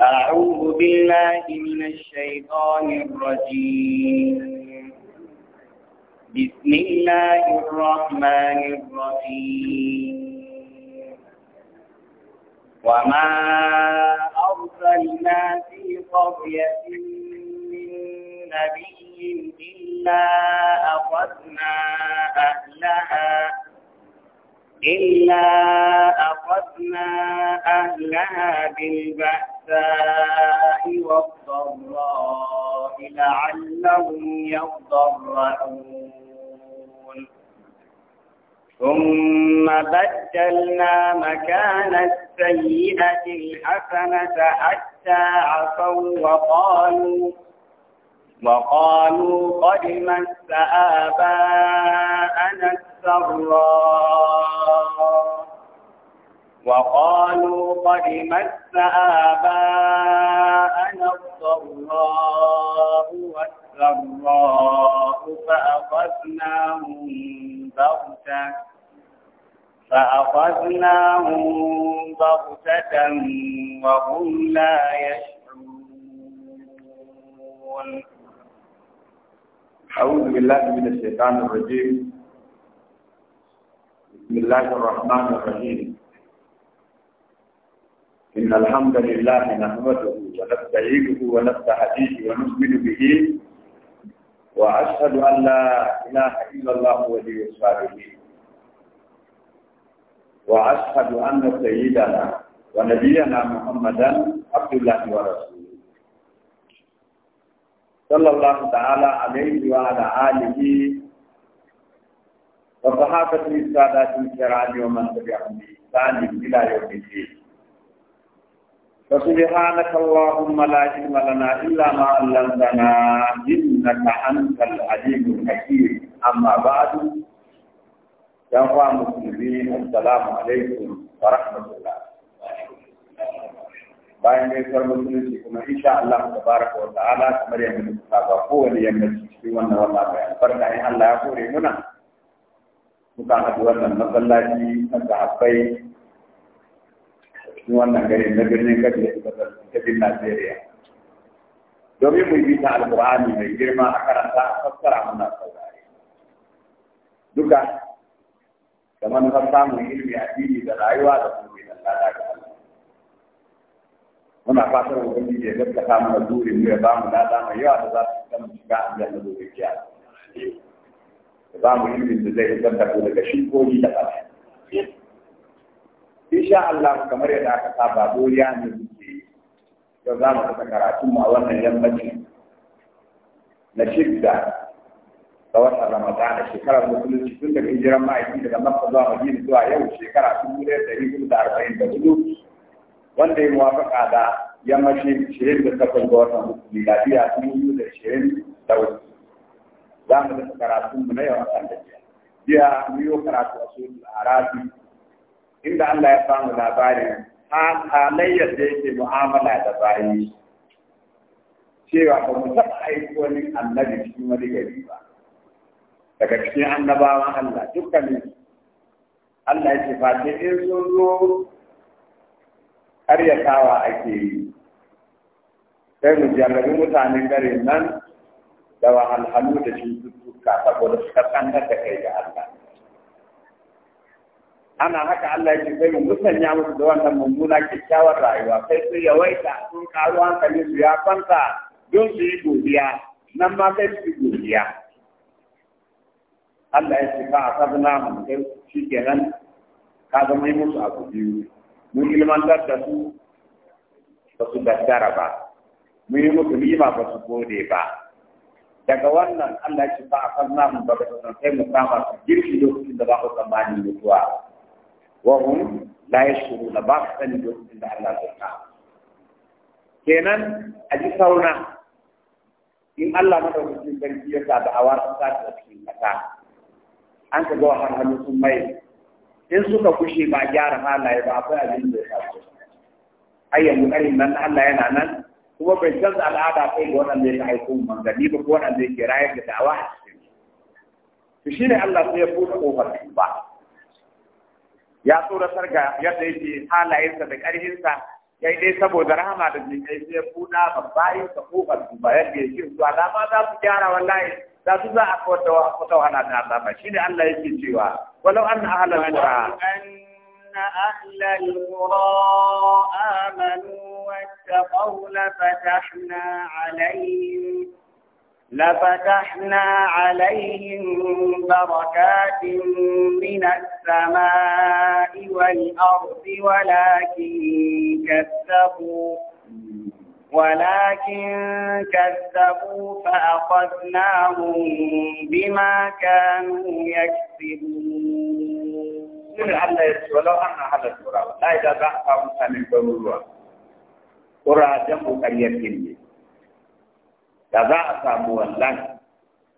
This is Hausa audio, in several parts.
أعوذ بالله من الشيطان الرجيم بسم الله الرحمن الرحيم وما أرسلنا في قرية من نبي إلا أخذنا أهلها إلا أخذنا أهلها بالبأس والضراء لعلهم يضرعون ثم بدلنا مكان السيئة الحسنة حتى عفوا وقالوا وقالوا قد مس آباءنا السراء وقالوا قد مس آباءنا الضراء والسراء فأخذناهم بغتة فأخذناهم بغتة وهم لا يشعرون أعوذ بالله من الشيطان الرجيم بسم الله الرحمن الرحيم إن الحمد لله نحمده ونستعينه ونستهديه ونؤمن به وأشهد أن لا إله إلا الله ولي الصالحين وأشهد أن سيدنا ونبينا محمدا عبد الله ورسوله صلى الله تعالى عليه وعلى آله وصحابته الساده الكرام ومن تبعهم بإحسان إلى يوم الدين فسبحانك اللهم لا علم لنا إلا ما علمتنا إنك أنت العليم الحكيم أما بعد يا مسلمين السلام عليكم ورحمة الله bayan gaisuwar musulunci kuma insha Allah tabaraka wa ta'ala kamar yadda muka saba wani yammaci cikin wannan wata mai albarka in Allah ya kore muna muka haɗu wannan masallaci na sahabbai cikin wannan garin na birnin kabilar kasar Najeriya. Domin mu yi ta alƙur'ani mai girma a karanta a fassara muna saurari Duka da manufar samun ilimi addini da rayuwa da kuma da lada ga Allah. Muna fatar Ubangiji ya gaskata mana burin mu ya ba mu lada mai yawa da za su zama shiga aljanna gobe kiyama. Ya ba mu ilimin da zai fitar da daga shi ko da ƙasa. insha Allah kamar yadda aka saba doriya ne muke yau za mu kasa karatun mu a wannan yammacin na shidda ga wata Ramadana shekarar musulunci tun daga hijiran ma'aiki daga Makka zuwa Madina zuwa yau shekara dubu ɗaya da ɗari da arba'in da hudu wanda ya muwafaka da yammacin shirin da takwas ga watan musulmi lafiya sun yi da shirin da wasu za mu kasa karatun mu na yau a kan da jiya. Jiya mu yi karatu a sunan Arabi inda Allah ya samu labarin halayyar da yake mu'amala da bayi cewa ba mu taɓa aiki wani annabi cikin wani gari ba daga cikin annabawan Allah dukkanin Allah ya ce fa in sun zo karyatawa ake yi sai mu jarrabi mutanen garin nan da wahalhalu da cututtuka saboda suka tsantar da kai ga Allah ana haka Allah ya ce sai mu ya mutu da wannan mummuna kyakkyawar rayuwa sai su yawaita sun karu hankali su ya kwanta don su yi godiya nan ma sai su yi godiya Allah ya ce ba a sabna mu kai shi ke nan ka zama yi musu abu biyu mun ilmantar da su ba su daddara ba mun yi musu lima ba su gode ba daga wannan Allah ya ce ba a sabna mu ba sai mu kama su girki lokacin da ba ku tsammani mutuwa wahum la yashkuruna ba su sani lokacin da Allah ya ka kenan a ji sauna in Allah madaukakin sarki ya sa da'awa ta sa ta cikin kasa an ka ga har hannu sun mai in suka kushe ba gyara halaye ba akwai abin da ya sa ai yanzu karin nan Allah yana nan kuma bai canza al'ada kai ga wannan da ya haiko manzanni ba ko wannan da ya rayar da dawa a cikin to shine Allah sai ya fuka kofar ba ya tsoratar ga yadda yake halayensa da ƙarhinsa ya dai saboda rahama da jikai sai buɗa babbayin ka ko su ba yadda yake su alama za su gyara wallahi za su za a kwata wahala da azaba shi ne Allah yake cewa walau an ahlal qura أهل القرى آمنوا واتقوا لفتحنا عليهم لفتحنا عليهم بركات من السماء والأرض ولكن كذبوا ولكن كذبوا فأخذناهم بما كانوا يكسبون. لو أن هذا القرى لا إذا بحث عن قرى جنب قرية da za a samu wallan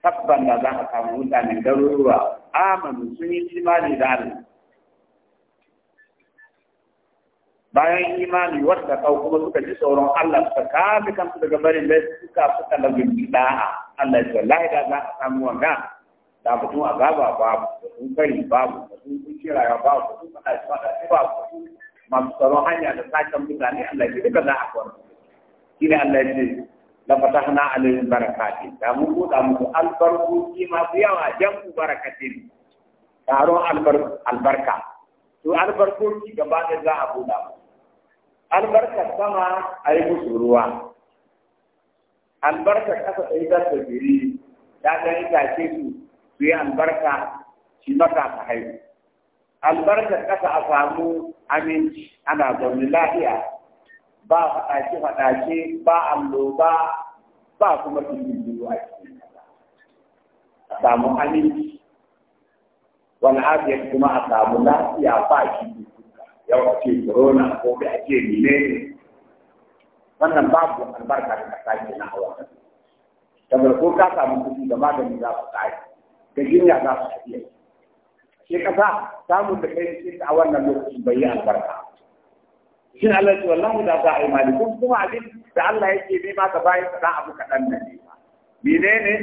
tabban da za a samu mutanen garuruwa amanu sun yi imani da Allah bayan imani wadda kau kuma suka ji tsoron Allah suka kame kansu daga barin da suka suka lagunci da'a Allah ya wallahi da za a samu wanga da mutum azaba babu da sun kari babu da sun kunci rayuwa babu da sun faɗa faɗa babu masu tsoron hanya da sakan mutane Allah ya duka za a kwanta shi ne Allah ya ce la fatahna alaihim barakatin da mu buɗa musu albarkoki masu yawa jam'u barakatin taron albarka to albarkoki gaba da za a buɗa musu albarkar sama a yi musu ruwa Albarka ƙasa ta yi ta tsibiri ta ta yi tashe su su yi albarka shi mata ta haihu Albarka ƙasa a samu aminci ana zaune lafiya ba faɗace-faɗace ba alloba ba kuma cikin biyu a cikin a samu aminci wani afiyar kuma a samu lafiya ba shi yau a ce corona ko bai a ce mine ne wannan babu albarka da kasa ke na hawa saboda ko ka samu kuɗi da magani za su kai da jinya za su tafiya shi kasa samun da kai a wannan lokacin bai yi albarka shin Allah ya ce mu da ba kun kuma abin da Allah yake ne ba ka bayin kadan abu kadan nan ne menene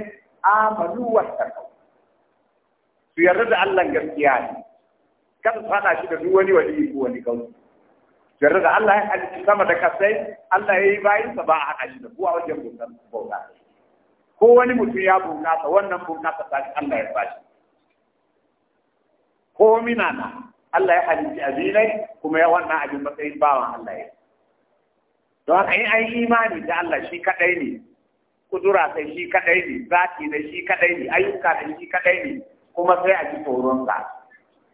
amanu wa taqaw su yarda da Allah gaskiya ne kan fada shi da duk wani wali ko wani kauli yarda da Allah ya halitta sama da kasai Allah ya yi bayin sa ba a hada shi da a wajen bautan bauta ko wani mutum ya bunƙasa wannan bunƙasa ta Allah ya shi ko mina na Allah ya halitta abinai kuma ya wannan abin matsayin bawan Allah ya don haka in an yi imani da Allah shi kadai ne kudura sai shi kaɗai ne zati da shi kadai ne ayyuka da shi kadai ne kuma sai a ji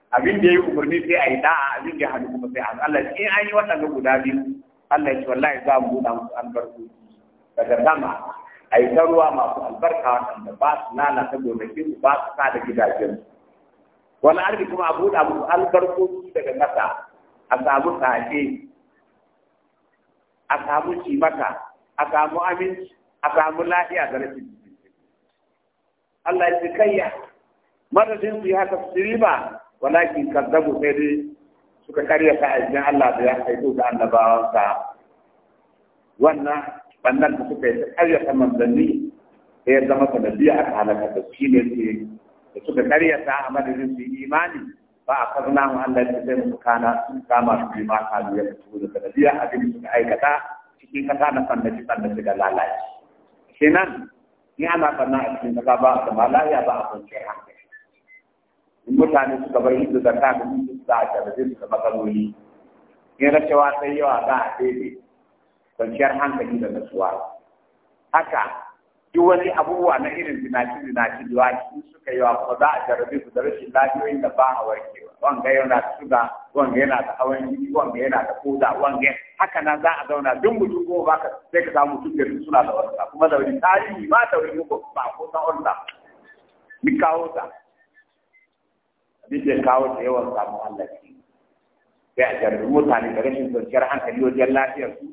abin da ya yi umarni sai a yi da'a abin da ya hannu kuma sai a Allah in an yi wannan guda biyu Allah ya ce wallahi za mu buɗa musu albarku daga sama a yi ta ruwa masu albarka wanda ba su lalata gonakin su ba su sa da gidajen su wani arziki kuma a buɗa musu albarkoci daga ƙasa a samu tsaje a samu cimaka a samu aminci a samu lafiya da rashin Allah ya ce kayya madadin su yi haka su riba walakin kazzabu sai dai suka karya ka ajin Allah da ya kai da annabawansa wannan bannan da suka yi karya ta manzanni sai ya zama sanadiyar aka halaka da shi ne da suka ta a madadin su imani ba a kazna mu Allah ya sai mu kana sun kama su ma ta biya su da sanadiyar abin suka aikata cikin kasa na sannaci sannaci da lalaci kenan ni ana sanna a cikin kasa ba a zama ba a kwanciyar hankali in mutane suka bar hindu da ta da hindu da a jarabe su da matsaloli in rashawa sai yawa ba a daidai kwanciyar hankali da nasuwa haka duk wani abubuwa na irin zinaci zinaci da wani suka yi wa kuma za a jarabe su da rashin lafiyoyin da ba a warkewa wanga yana da suga wanga yana da hawan jini wanga yana da koda wanga haka nan za a zauna duk mutum ko ba ka sai ka samu mutum da suna da warsa kuma da wani tarihi ma da wani ko ba ko ta wanda. ni kawo ta ni ke kawo ta yawan samu Allah ki sai a jarabe mutane da rashin kwanciyar hankali wajen lafiyar su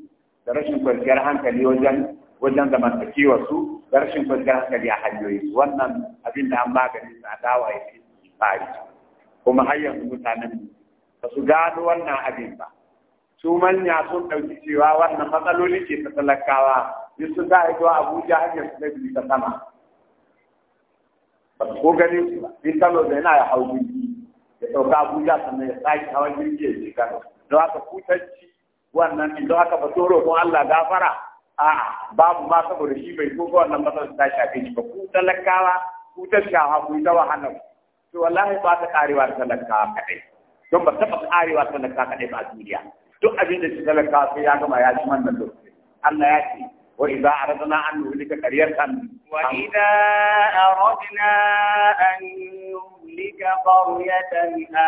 da rashin kwanciyar hankali wajen wajen zamantakewa su garshin rashin kwanciyar hankali a hanyoyi wannan abin da an magani na dawa ya fi fari kuma har yanzu mutanen ba su gano wannan abin ba su manya sun ɗauki cewa wannan matsaloli ke ta talakawa duk su za a zuwa abuja hanyar su zai biyu ta sama ba su ko ganin su ba in kano da yana ya hau jirgi ya sauka abuja sannan ya sake hawan jirgi ya shiga don haka kutanci wannan don haka ba tsoro ko allah gafara a'a babu ma saboda shi bai ko ga wannan matsalar ta shafe shi ba ku talakawa ku talakawa ku ta wahala to wallahi ba ta karewa ta talakawa kadai don ba taɓa karewa talakawa kadai ba a duniya duk abin da shi talakawa sai ya gama ya ci wannan lokaci Allah ya ce wa وإذا أردنا أن نهلك قرية وإذا أردنا أن نهلك قرية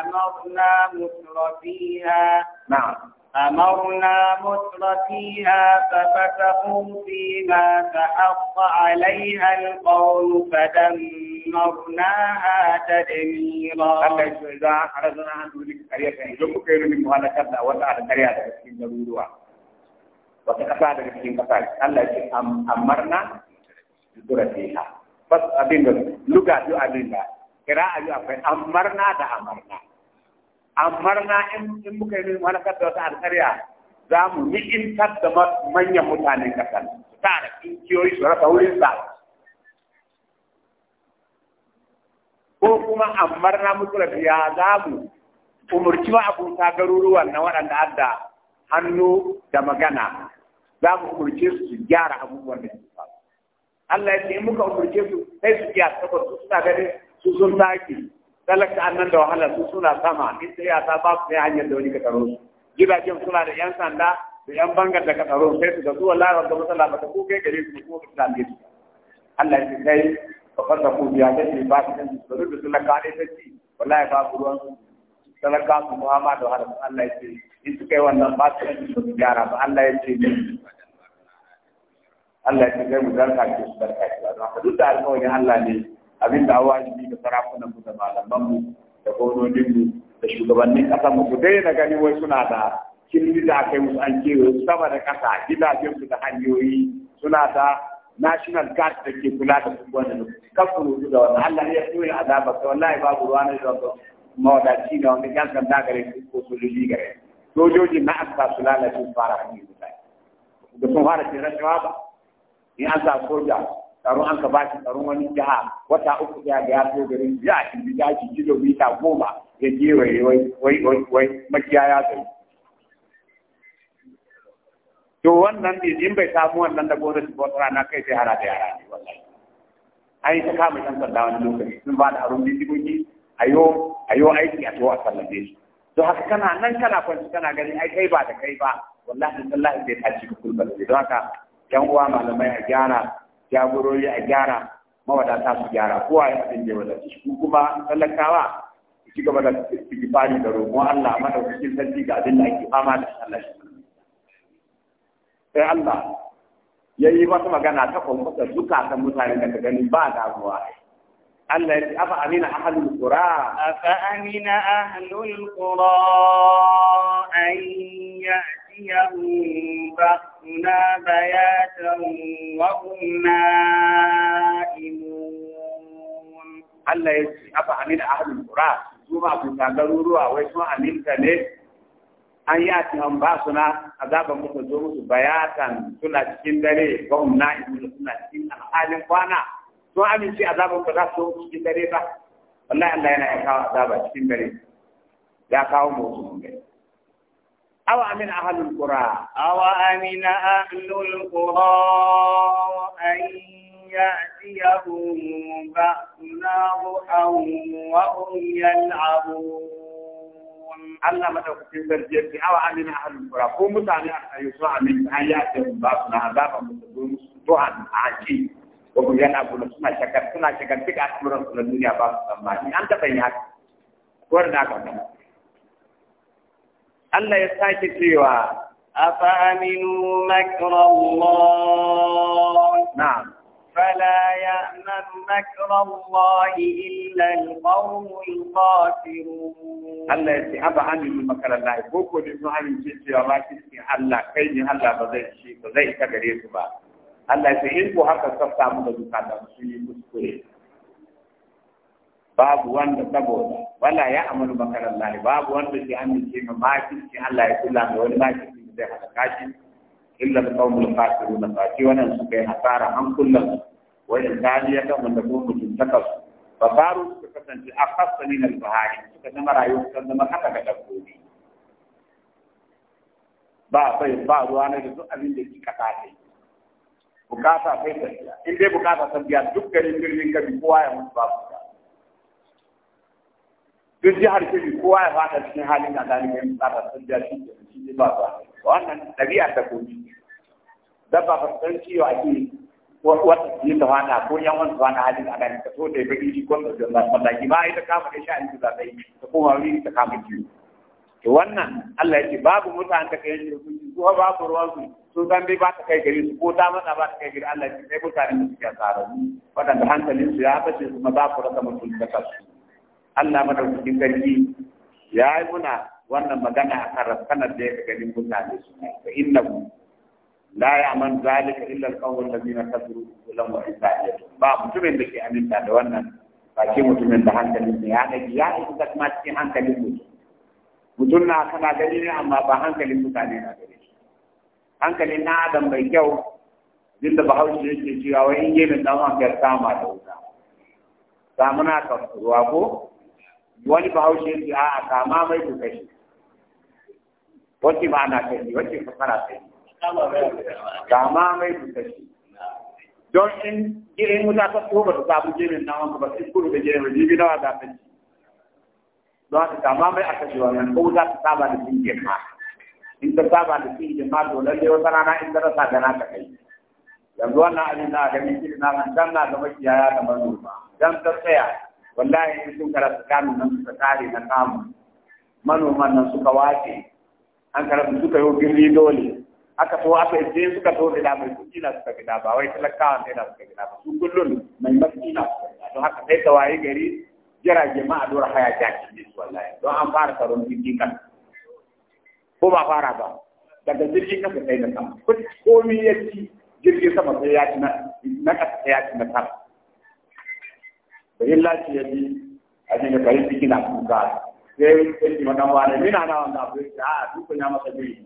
أمرنا مسر فيها نعم أمرنا مصر فيها ففتحوا فيما فحق عليها القول فدمرناها تدميرا. الله يسوع إذا أردنا أن نهلك أن يوم كيلو من مهلكة لا وسع القرية تسكين ضرورها. وتكفى تسكين كفاية. الله يسوع أمرنا متر بس أبين لغة يو أبين لا. قراءة يو أبين أمرنا ده أمرنا. amma na in muka yi wani da wata alkariya za mu ni'intar da manyan mutanen ƙasar ta da kinkiyoyi su rasa wurin sa ko kuma amma na mutu ya za mu umurci wa abota garuruwan na waɗanda adda hannu da magana za mu umurce su su gyara abubuwan da su faru Allah ya ce in muka umurce su sai su gyara saboda su suna ganin su sun taki talaka annan da wahala su suna sama in sai ya ta ba su sai hanyar da wani ka tsaro su gidajen suna da yan sanda da yan bangar da ka tsaro sai su ga su wallahi rabbu masala ba ta ko kai gare su ko ka tambaye su Allah ya kai fa fata ku biya ta ce ba ta kan su da su laka ne ta ci wallahi ba ku ruwan talaka su muhamma da wahala Allah ya kai in su kai wannan ba su kan su gyara ba Allah ya kai Allah ya kai mu zarka ki su zarka ki wa don duk da alƙawarin Allah ne abin da wajibi ga sarakunan mu da malaman mu da gwamnonin mu da shugabannin ƙasar mu ku daina gani wai suna da kirki da aka yi musu an kewaye sama da ƙasa gidajen su da hanyoyi suna da national guard da ke kula da su wanda kan su rubu da wannan Allah ya so ya azaba ka wallahi babu ruwa na da mawadaci ne wani yan sanda gare su ko sojoji gare sojoji na an sa su lalace su fara hanyar mutane da sun fara tsere shawa ba in an sa soja tsaron an ka ba shi tsaron wani jiha wata uku ya ga ya so garin ya shi bi da shi kilo mita goma ya je wai wai wai wai ya sai to wannan ne in bai samu wannan da gwamnati ba rana kai sai hara da yara ne wallahi ai ta kama san sanda wani lokaci sun ba da harun bindigogi ayo ayo aiki a to a sallabe shi to haka kana nan kana kwanci kana gani ai kai ba da kai ba wallahi tallahi bai tashi kullu ba don haka yan uwa malamai a gyara jagorori a gyara mawadata su gyara kowa ya abin da wadata shi kuma talakawa su ci gaba da istighfari da roƙon Allah madaukakin sarki ga abin da ake fama da Allah sai Allah ya yi wata magana ta kwamfuta ta mutane daga ganin, ba damuwa Allah ya ce afa amina ahlul qura afa amina ahlul qura an ya'ti يأتيهم بأسنا بياتا وهم نائمون الله يجزي أفعمل أهل القرى سوما كنت ضرورة ويسمع عملت ليه an yi ati an ba suna azaban muka zo musu bayatan suna cikin dare ba um na ibnu suna cikin alhalin kwana sun amince azaban ba za su cikin dare ba wallahi Allah yana ya kawo azaba cikin dare ya kawo mutum أو أمن أهل القرى أو أمن أهل القرى أن يأتيهم بأسنا ضحى وهم يلعبون الله ما تقول برجيتي أو أمن أهل القرى قوم تعالى يسوع من أن يأتيهم بأسنا بابا مسلم ضحى عجيب وهم يلعبون سنة شكر سنة شكر تكأت مرة الدنيا بأسنا ما أنت فين هذا ورنا كمان Allah ya sake cewa afa aminu makra Allah na'am fala ya'man makra Allah illa al-qawmul kafirun Allah ya ce afa aminu makra Allah ko ko din sun hanin cewa ba shi cikin Allah kai ne Allah ba zai shi ba zai ba Allah ya ce in ko haka sabta mu da dukkan da su yi kuskure babu wanda saboda wala ya amalu makarar lali babu wanda ke amince ma makirci Allah ya kula da wani makirci da zai halaka shi illa da kawun mulkafiru na faci wannan su kai hasara an kullum wajen kariya kan wanda ko mutum ta kasu babaru suka kasance a fasali na bahari suka zama rayuwa suka zama haka ga dabbobi ba bai ba ruwa na da duk abin da ke kasa ta bukata sai ta in dai bukata ta biya duk garin birnin kabi kowa ya mutu babu duk jihar Kebbi kowa ya fada cikin halin da zalimi ya fada sun ja shi ke shi ne ba ba wannan ɗabi'a ta koki dabba ba san ciwo ake wata yi ta fada ko yan wani ta fada halin da zalimi ka so da ya bari shi ko da zan mataki ba ita kama da shi sha'ani da zai ta koma wuri ta kama ciwo to wannan Allah ya ce babu mutane ta kai yanke hukunci ko babu ruwan su sun san bai ba ta kai gari su ko ta matsa ba ta kai gari Allah ya ce sai mutane da suke tsara wadanda hankalin su ya fashe kuma ba ku rasa mutum da kasu Allah madaukakin sarki ya yi muna wannan magana a kan rasanar da ya ganin mutane su ne fa innahu la ya'man zalika illa al ta allazina kafaru lam wa isa'iyatu ba mutumin da ke aminta da wannan ba ke mutumin da hankalin ne ya dage ya yi ta kuma cikin hankalin mutum mutum na kana gani ne amma ba hankalin mutane na gani hankalin na adam mai kyau duk da bahaushe yake cewa wai in yi min dan wanka sama da wuta samuna ka ruwa ko wani bahaushe yake a kama mai ku kashi wacce ba na kashi wacce fasara kashi kama mai ku kashi don in irin wuta ta so ba ta samu jirin nan wanda ba sai kuru da jirin ba jibi nawa za ta ci don haka kama mai aka ji wannan ko za ta saba da ke ma. in ta saba da ke ma to lalle wata rana in ta rasa gana ta kai yanzu wannan abin na ganin shi na nan dan na ga makiyaya da manoma dan ta tsaya wallahi sun karasa kamun nan suka tare na kama. manoman nan suka wace an karasa suka yi birni dole aka so aka yi suka so gida mai kuɗi na suka gida ba wai talakawa ne na suka gida ba su kullum mai mafi na suka gida don haka sai ta waye gari jira ma a dora haya jaki ne su wallahi don an fara tsaron jirgin kan ko ba fara ba daga jirgin kasa sai na kama. komi ya ci jirgin sama sai ya ci na kasa sai ya ci na kama da illa ce ya bi a cikin farin ciki na kuka sai yake madan wani mina na wanda abu yake a dukkan ya ah, masa bai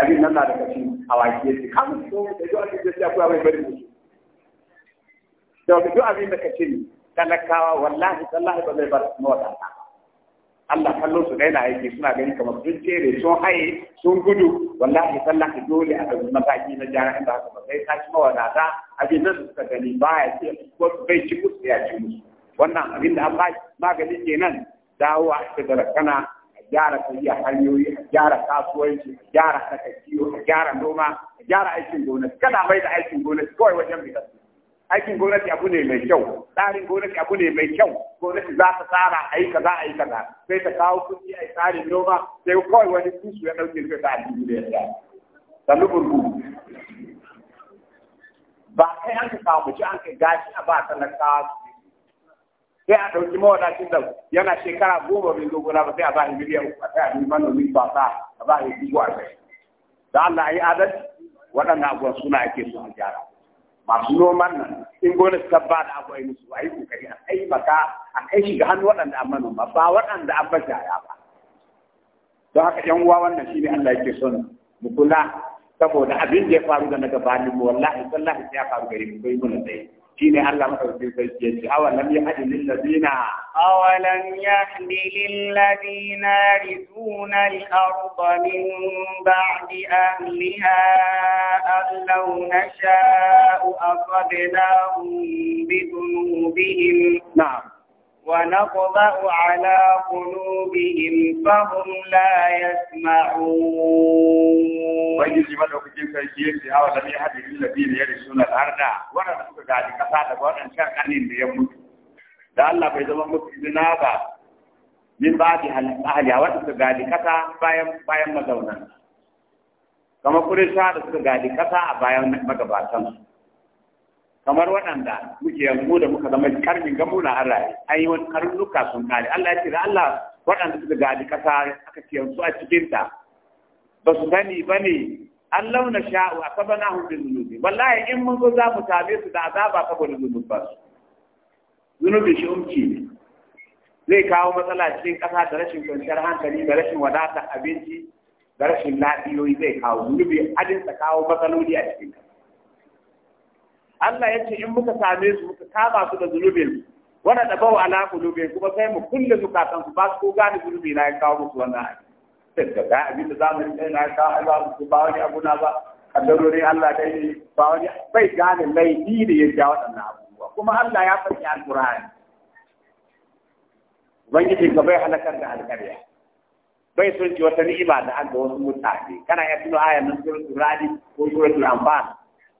abin nan na da kashi a waki yake kan so da yau abin da da talakawa wallahi tallahi zai bar mawadata Allah kallon su daina aiki suna gani kamar sun cere sun haye sun gudu wallahi sallahi dole a ɗauki mataki na jara inda haka ba sai ka ci wadata abin da suka gani ya ce ko bai ci ku ya ci musu wannan abin da an ba maganin kenan dawo a cikin kana a gyara tafiya hanyoyi a gyara kasuwanci a gyara saka a gyara noma a gyara aikin gona kada bai da aikin gona kawai wajen su aikin gwamnati abu ne mai kyau tsarin gwamnati abu ne kyau gwamnati za ta tsara a yi kaza a yi kaza sai ta kawo kuɗi a yi tsarin noma sai kawai wani kusu ya ɗauke sai a addini da yadda sannu burbu ba kai an ka samu ci an ka gashi a ba talakawa sai a ɗauki mawadacin da yana shekara goma bai zo gona sai a ba shi miliyan uku a manomi ba sa a ba shi da Allah ya yi adalci masu noman nan in gona ta ba da abu ai musu ai kokari a kai maka a kai shi ga hannu waɗanda an manoma ba waɗanda an shaya ba don haka yan uwa wannan ne Allah yake son mu kula saboda abin da ya faru da na gabanin mu wallahi wallahi sai ya faru gare mu kai na tsaye shine Allah madaukakin sarki ya ce awa lam yahdi lil ladina awa lam yahdi lil ladina rizuna al arda min ba'di ahliha an law nasha'u asabnahum bi dhunubihim na'am ونطبع على قلوبهم فهم لا يسمعون ويجي ما لو كنت سيكي في هذا الذي يحدث الذين يرثون الأرض وانا سوف قاعد كفاتا وانا شاكانين ليموت da Allah bai zama musu izina ba min ba da ahli a wata gadi kasa bayan bayan kamar kurisha da suka gadi kasa a bayan magabatan kamar waɗanda muke yanzu da muka zama karmin gamu na Allah an yi wani karnuka sun kare Allah ya ce da Allah waɗanda suka gadi kasa aka ce yanzu a cikin ta ba su sani ba ne Allah na sha'u a saba na hudu zunubi wallahi in mun zo za mu same su da azaba saboda ba su zunubi shi umci ne zai kawo matsala cikin ƙasa da rashin kwanciyar hankali da rashin wadata abinci da rashin lafiyoyi zai kawo zunubi adinsa kawo matsaloli a cikin ƙasa Allah ya ce in muka same su muka kama su da zunubin wanda da bau ala kulubin kuma sai mu kulle zukatan su ba su ko gane zunubi na ya kawo musu wannan ayi sai ka ga abin da mu yi na ya Allah su ba wani abu na ba kaddarorin Allah dai ba wani bai gane laifi da ya ja waɗannan abubuwa kuma Allah ya faɗi alƙur'ani ubangiji ka bai halakar da alƙarya bai son ji wata ni'ima da an ga wasu mutane kana ya tuno ayan nan suratul radi ko suratul anfal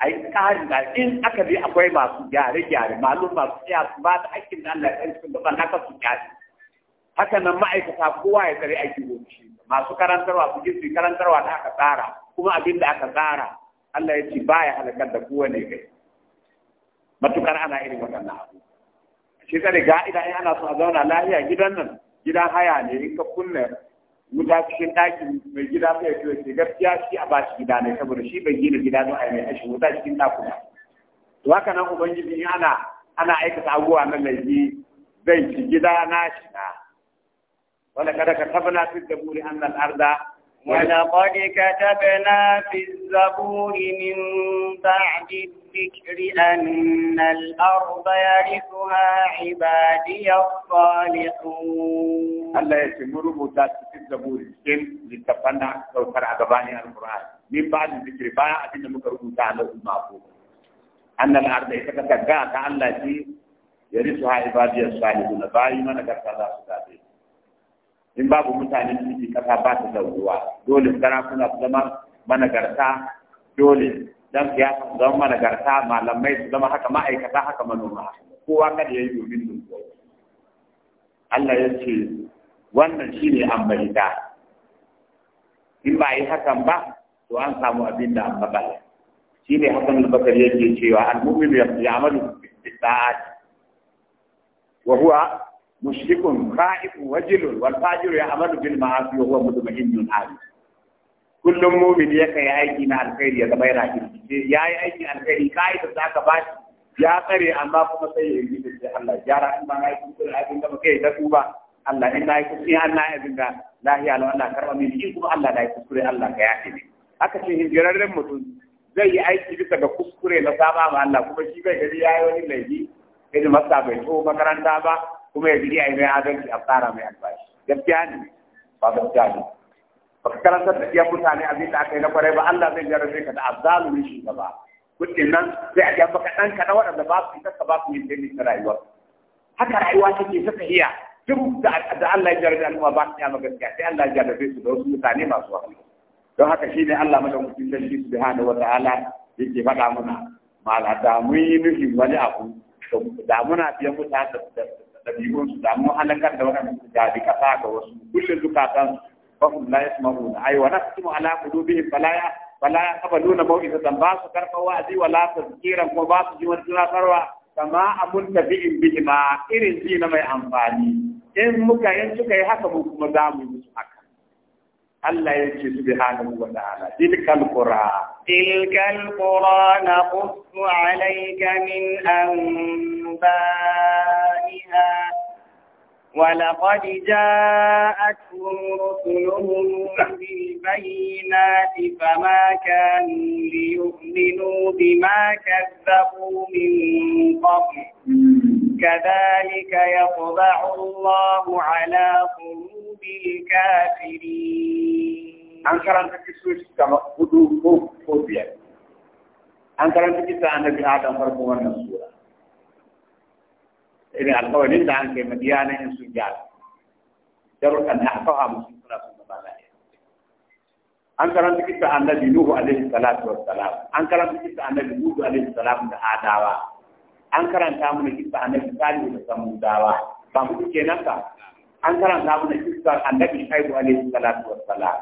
a yi tsarin da in aka bi akwai masu gyare-gyare malum masu tsaya su ba da aikin da Allah ya cikin gaban haka su gyare haka nan ma'aikata kowa ya tsare aikin ofishin, masu karantarwa su ji karantarwa da aka tsara kuma abin da aka tsara Allah ya ce baya halakar da kowane kai matukar ana irin waɗannan abu shi tsare ga idan ana so a zauna lafiya gidan nan gidan haya ne in ka kunna wuta cikin ɗakin mai gida sai ya ce gaskiya shi a bashi gida ne saboda shi bai gina gida don a mai ashi wuta cikin ɗakuna to haka nan ubangiji ana ana aikata abubuwa na laifi zai ci gida na shi na wanda kada ka tabbatar da buri annal arda ولقد كتبنا في الزبور من بعد الذكر أن الأرض يرثها عبادي الصالحون الله يسمى ربوتات في الزبور السن لتفنى أو ترى أقباني القرآن من بعد الذكر باع أدنى مكربوتا له المعفوظ أن الأرض يتكتكا كأن الله يرثها عبادي الصالحون باعي من أكتبها سكاتي in babu mutanen ciki kasa ba ta zauruwa dole sarakuna su zama managarta dole dan siyasa su zama managarta malamai su zama haka ma'aikata haka manoma kowa kada ya yi domin dunkuwa Allah ya ce wannan shine ambalita in ba yi hakan ba to an samu abin da an babala shi ne hasan al-bakar yake cewa al-mu'minu amalu bi saat wa huwa mushrikun ka'ifun wajilun wal fajiru ya amalu bil ma'asi wa huwa mutma'innun hali kullum mumin ya kai aiki na alkhairi ya zama yana kirkice ya yi aiki alkhairi ka'idar da aka bashi ya tsare amma kuma sai ya yi da Allah gyara in ba na yi kusur abin da kai da tuba Allah in na yi kusur in na yi abin lahiya lau Allah karɓa min in kuma Allah na yi kuskure Allah ka yafe ne haka ce hijirarren mutum zai yi aiki bisa ga kuskure na saba ma Allah kuma shi bai gari ya yi wani laifi irin masa bai to makaranta ba kuma yanzu ne a yi mai adalci a tsara mai albashi gaskiya ne ba gaskiya ne ba ka karanta da iya mutane abin da aka yi na kwarai ba Allah zai jarabe ka da ne shugaba kudin nan sai a baka kaɗan kaɗan waɗanda ba su yi ta ba su yi ta ta rayuwa haka rayuwa take ta tafiya duk da Allah ya jarabe al'umma ba su yi ma gaskiya sai Allah ya jarabe su da wasu mutane masu wahala don haka shine Allah su sarki subhanahu wata ala yake faɗa mana mala da mun yi nufin wani abu da muna biyan mutane da su da mu halakar da wannan da gadi ƙasa ga wasu kullu zukatan fahim la yasma'un ay wa naqtimu ala qulubihim fala ya fala yaqbaluna maw'izatan ba su karɓa wa'azi wa la tazkiran ko ba su ji wani tunatarwa kama amun tabi'in bihima irin ji na mai amfani in muka yin suka yi haka mu kuma za mu yi musu haka الله يجي سبحانه وتعالى تلك القرى تلك القرى نقص عليك من أنبائها ولقد جاءتهم رسلهم بالبينات فما كانوا ليؤمنوا بما كذبوا من قبل كذلك يطبع الله على قلوب an karanta kisoshi kama ko biyar an karanta kisa annabi suna an karanta kisa nuhu alaihi salatu wassalam an karanta kisa annabi nuhu alaihi salam da adawa an karanta mana kisa annabi salihu da samudawa ba mu kenan ka an karanta mana kissar annabi shaibu alaihi salatu wassalam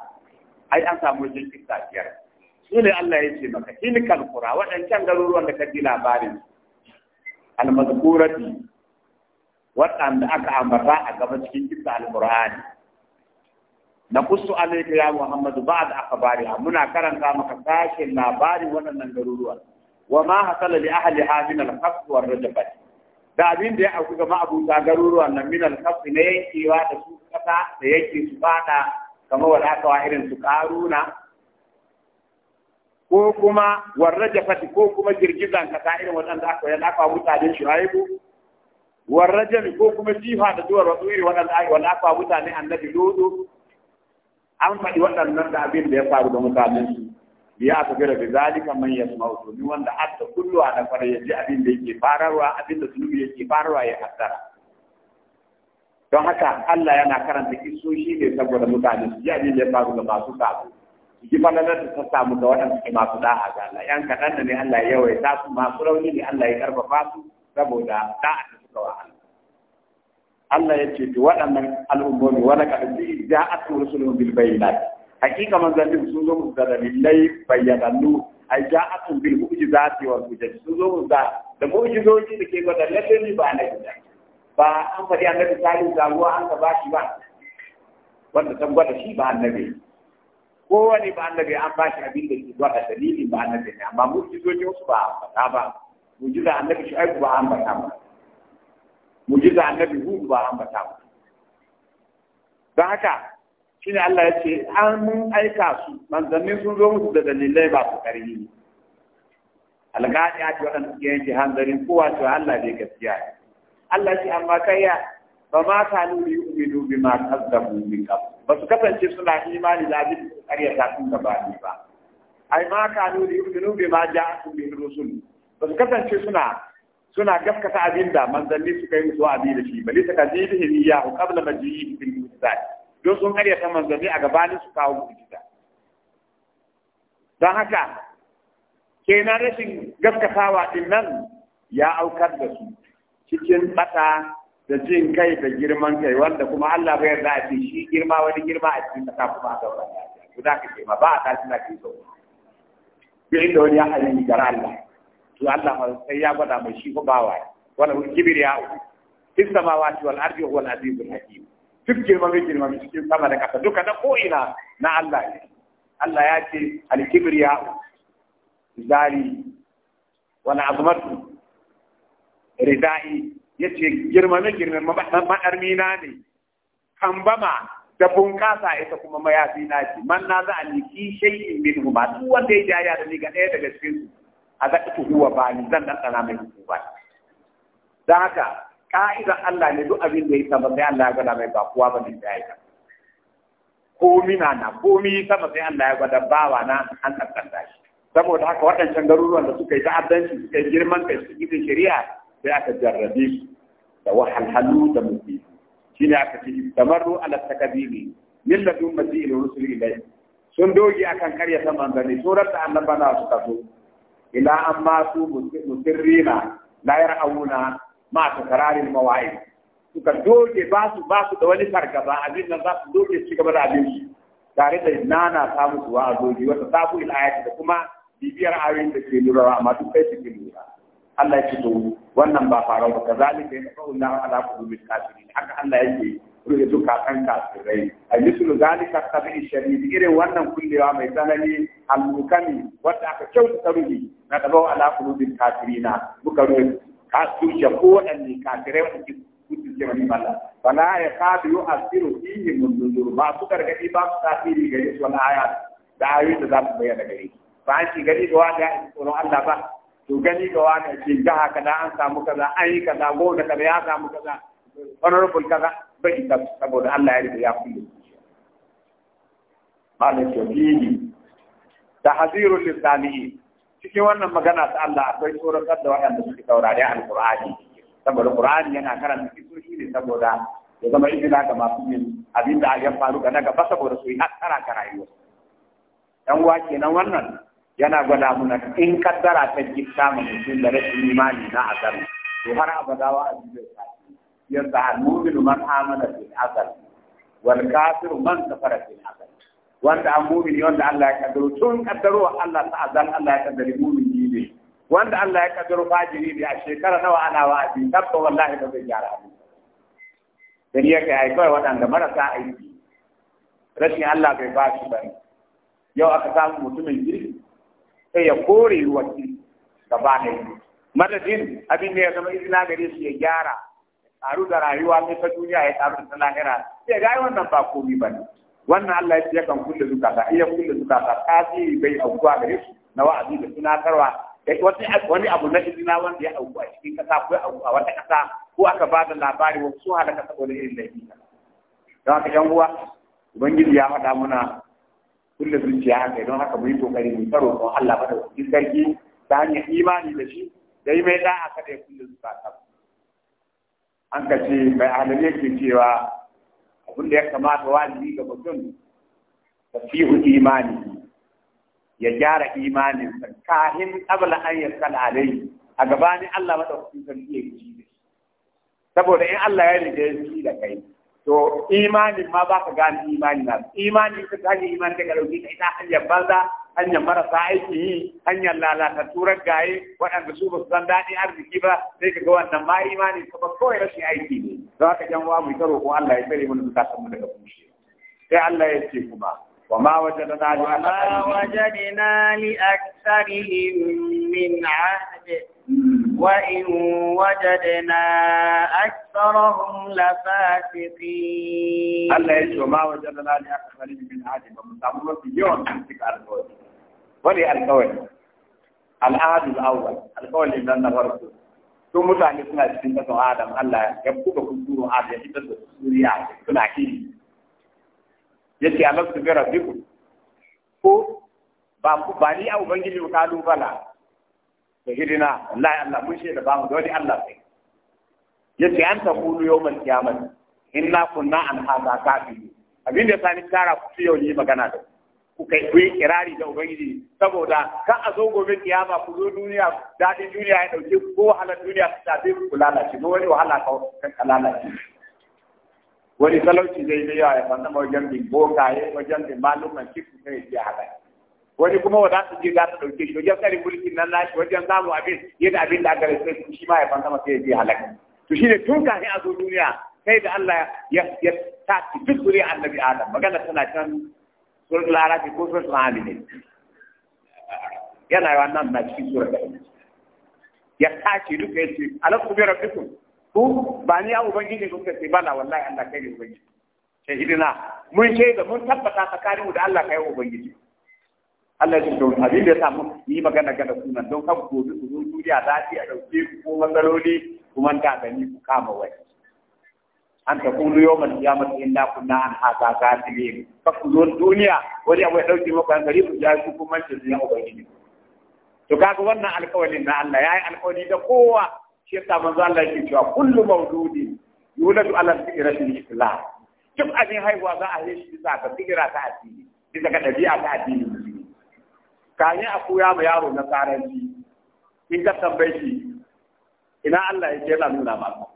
ai an samu wajen kissa biyar su ne Allah ya ce maka tilkal qura waɗancan garuruwan da ka ji labarin al-mazkurati waɗanda aka ambata a gaba cikin kissa al-qur'ani na kusu alayka ya muhammadu ba'd akhbariha muna karanta maka sashin labarin waɗannan garuruwan wa ma hasala li ahliha min al-haqq wa rajabati da abin da ya auki ga ma'abuta garuruwan nan minal kafi na yankewa da su kasa da yake su fada kamar wadatawa irin su karuna ko kuma warraja fati ko kuma girgizan kasa irin waɗanda aka yi lafa mutanen shu'aibu warraja ko kuma jifa da duwar wasu iri waɗanda aka yi lafa mutane annabi lodo an faɗi waɗannan da abin da ya faru da mutanen su ya aka gara da zalika man yasma'u to ni wanda hatta kullu ana fara yaji abin da yake fararwa abin da zunubi yake fararwa ya haddara don haka Allah yana karanta kisoshi ne saboda mutane su ji abin da ya faru da masu sabo ji falalar da ta samu da waɗanda suke masu da'a ga Allah yan kaɗan da ne Allah ya ta su masu rauni ne Allah ya karfafa su saboda da'a da suka wa Allah Allah ya ce to waɗannan al'ummomi wala kad ja'at rusulun bil bayyinati hakika manzannin sun zo musu da dalilai bayyanannu a ja'atun bil mu'jizati wa hujjati sun zo musu da da mu'jizoji da ke gwada lalle ni ba na gida ba an faɗi annabi salihu zaguwa an ka bashi ba wanda ta gwada shi ba annabi kowane ba annabi an bashi shi abin da ke gwada dalilin ba annabi ne amma mu'jizoji wasu ba a faɗa ba mu'jiza annabi shu'aibu ba an faɗa ba mu'jiza annabi hudu ba an faɗa ba don haka ne Allah ya ce an mun aika su manzanni sun zo musu da dalilai ba su ne alƙadi ya ce waɗanda suke yanke hanzarin kowa cewa Allah ne gaskiya Allah ce amma kai ya ba ma kanu bi ma bima kazzabu min qabl ba su kasance suna imani da abin ƙarya ta sun gaba ne ba ai ma kanu bi ma bima ja'akum min rusul ba su kasance suna suna gaskata abin da manzanni suka yi musu abi da shi bali ta kadibihim iyahu qabla majiyihi bil mustaqbal don sun karyata manzanni a gabanin su kawo mu'jiza don haka kenan rashin gaskatawa din nan ya aukar da su cikin bata da jin kai da girman kai wanda kuma Allah bai yarda a ce shi girma wani girma a cikin ta kuma a gaban ku za ka ce ma ba a tashi na kai sau inda wani ya ni gara Allah to Allah ma sai ya gwada mai shi ko bawa wala kibir ya fi samawati wal ardi wal azizul hakim duk girma mai cikin sama da ƙasa duka na ko'ina na Allah ne Allah ya ce alkibriya zari wani azumatu ridai ya ce girmame ma'armi na ne kambama da bunƙasa ita kuma mayafi na ce man na za a liki shay'in min huma duk wanda ya jaya da ni ga ɗaya daga cikin su a za tuhuwa ba ni zan ɗanɗana mai hukuma don haka ka'idar Allah ne duk abin da ya sama sai Allah ya gwada mai ba kowa ba ne da ya yi komi na na komi sama sai Allah ya gwada bawa na an kaskanta shi saboda haka waɗancan garuruwan da suka yi ta'addanci suka yi girman kai su gidan shari'a sai aka jarrabe su da wahalhalu da mutu shi ne aka ce tamarru ala takabiri millatun masihil rusul ilai sun doge akan karya ta manzanni surar da annaba na suka so ila amma su musirrina la yar'auna ma kararin mawa'id suka doge ba su ba su da wani fargaba abin nan za su doge su gaba da abin shi tare da nana ta a wa'azoji wata sabu ilayati da kuma bibiyar ayoyin da ke lura amma duk kai su ke Allah ya ci to wannan ba faruwa ba kazalika ya fa'u Allah ala min kafirin haka Allah yake rufe duka kan kafirai a misalu zalika tabi'i shadid irin wannan kullewa mai tsanani al-mukami wanda aka kyautata ruhi na dabawa ala qulubil kafirina muka ka su ya ko waɗanne kafirai mu ki kudu ke wani balla wala ya kadu yu asiru fihi mun nuzur ba su gargadi ba su tasiri gari su wani aya da ayoyi da za su bayyana gari. ba an ci gani ga wani ya tsoron Allah ba to gani ga wani ce ga haka an samu kaza an yi kaza gona kaza ya samu kaza honorable kaza bai ta saboda Allah ya riga ya kulle Ba Da biyu fihi tahzirul lisalihin cikin wannan magana ta Allah akwai tsoratar da waɗanda suke saurari alƙur'ani saboda ƙur'ani yana karanta kisoshi ne saboda ya zama izina ga masu yin abin da ya faru ga na gaba saboda su yi hakkara ga rayuwa yan uwa kenan wannan yana gwada muna in kaddara ta gifta ma mutum da rashin imani na azar to har abada wa azizai sashi yadda al-mu'minu man amana bil asar wal kafiru man kafara bil asar wanda an mumini wanda Allah ya kaddaro tun kaddaro wa Allah azan Allah ya kaddari mumini ne wanda Allah ya kaddaro fajiri ne a shekara nawa ana wa'azi tabba wallahi ba zai gyara abin dan yake ai kai wadanda marasa aiki rashin Allah bai ba shi ba yau aka samu mutumin girki sai ya kore wasi gaba ɗaya madadin abin da ya zama izina gare shi ya gyara taru da rayuwa ne ta duniya ya taru da lahira sai ga wannan ba komi bane wannan Allah ya kan kulle zukata iya kulle zukata tasiri bai aukuwa da su na wa'azi da karwa eh, wani abu na izina wanda ya auku a cikin kasa ko a wata kasa ko aka ba da labari wa su halaka saboda irin laifi don haka yan uwa ubangiji ya faɗa muna kulle zuciya haka don haka mu yi kokari mu karo don Allah bada wani sarki ta hanyar imani da shi da yi mai da'a kada ya kulle zukata an ka mai ahalari yake cewa abin da ya kamata wajibi ga mutum tasihu imani ya gyara imaninsa kahin kabla an kala alai a gabanin Allah madaukakin sarki ya ji saboda in Allah ya riga ya da kai to imani ma ba ka gane imani na imani ka ta imani daga dauki ta ita hanyar banza hanyar marasa aiki yi hanyar lalata turar gaye waɗanda su ba su san daɗin arziki ba sai ka ga wannan ma imani ka ba kawai rashin aiki ne don haka jan wa mu ta roƙo Allah ya tsare mu da mu daga bushe sai Allah ya ce kuma وما وجدنا لأكثرهم من عهد وإن وجدنا أكثرهم لفاسقين الله يجب وما وجدنا لأكثرهم من عهد ومتابعون في يوم تلك القول. ولي القول العهد الأول القول إن أنا ورسول ثم تعلمنا سنة آدم الله يبقى كل عهد يبقى كنتور آدم يبقى yace alastu bi rabbikum ko ba ku ba ni a ubangiji ka duba la da hidina wallahi Allah mun da ba mu da wani Allah sai yace an ta kulu yawmal qiyamah inna kunna an hada kafiri abin da sani tsara ku yau ni magana da ku kai ku yi kirari da ubangiji saboda kan a zo gobe kiyama ku zo duniya dadin duniya ya dauke ku ko wahalar duniya ta tafi ku lalace ko wani wahala ka lalace wani talauci zai yi yawa ya fanta ma wajen bin yi wajen bin maluman cikin sai ya haɗa wani kuma za su je za ta ɗauke shi wajen tsari mulkin nan shi wajen samu abin yadda abin da aka rasa shi ma ya fanta ma sai ya je haɗa to shi ne tun kafin a zo duniya sai da Allah ya ya ci duk zuri annabi Adam magana tana can sun larabi ko sun mahali ne yana yawan nan na cikin sura ya ci duka ya ce biyar bi rabbikum ku ba ni ya ubangiji kuka ce bala wallahi da Allah kai ubangiji Allah ya don abin da ya samu yi magana ga ku don kan gobe zo duniya wani an ta yawmal inna kunna an abu ya dauke maka an gari ku ja kuma ce ya ubangiji to kaga wannan alƙawarin na Allah yayi alƙawari da kowa shi yasa manzo Allah yake cewa kullu mawludi yuladu ala al islam duk abin haihuwa za a shi bisa ga fikira ta addini bisa ga dabi'a ta addini musulmi ni a koya ma yaro na karanci in ka tambaye shi ina Allah yake yana nuna maka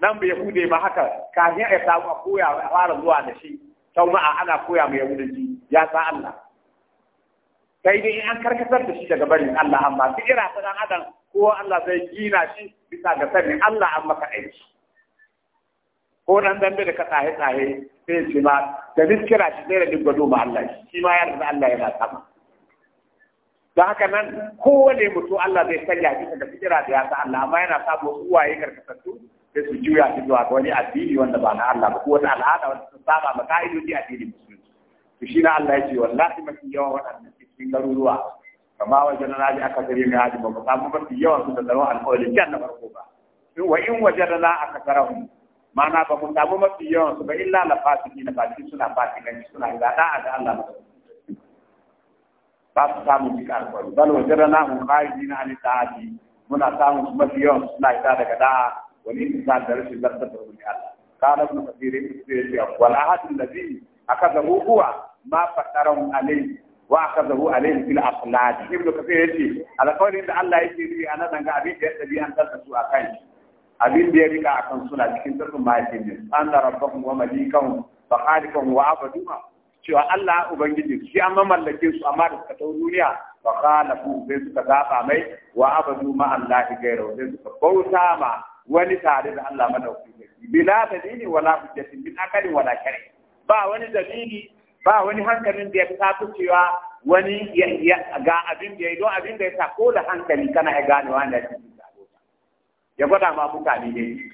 dan bai hude ba haka ni a samu a koya a fara zuwa da shi tauma ana koya ma yahudanci ya sa Allah sai dai an karkatar da shi daga barin Allah amma ira ta dan adam ko Allah zai gina shi bisa ga sanin Allah amma ka aiki ko dan dambe da ka tsaye tsaye sai shi ma da niskira shi zai rabin gwado ma Allah shi ma yarda Allah ya yana sama Da haka nan kowane mutu Allah zai sanya shi daga fikira da ya sa Allah amma yana sabo uwaye karkatattu sai su juya su zuwa ga wani addini wanda ba na Allah ba ko wata al'ada wanda sun saba ma ka'idoji addinin musulunci to shi na Allah ya ce wallahi mafi yawa wannan. cikin garuruwa kama wajen na ji aka gari mai hajji ba mu mafi yawan su da tsaron alkawalin jan na farko ba wa in wajen na aka mana ba mu samu mafi yawan su ba illa la fasiki na fasiki suna suna Allah ba ba su samu jika alkawari bal wajen na hun khariji na ali muna samun mafi yawan suna daga da'a wani insa da rashin zartar da wani Allah wa akazahu alayhi fil asnad ibnu kafir yace alƙawarin da Allah yake yi a nan ga abin da ya tabi an tsara su akan abin da ya rika akan suna cikin tsarin mahaifin ne an da rabbakum wa malikan fa khaliqahum wa abduhum cewa Allah ubangiji shi an mallake su amma da suka tau duniya fa khalafu sai suka gaba mai wa abdu ma Allah gairo sai suka bauta ma wani tare da Allah madaukakin bila dalili wala hujjatin bi akali wala shari'a ba wani dalili ba wani hankalin da ya tafi cewa wani ga abin da ya yi don abin da ya sa ko da hankali kana ya gane wanda ya ya gwada ma mutane ne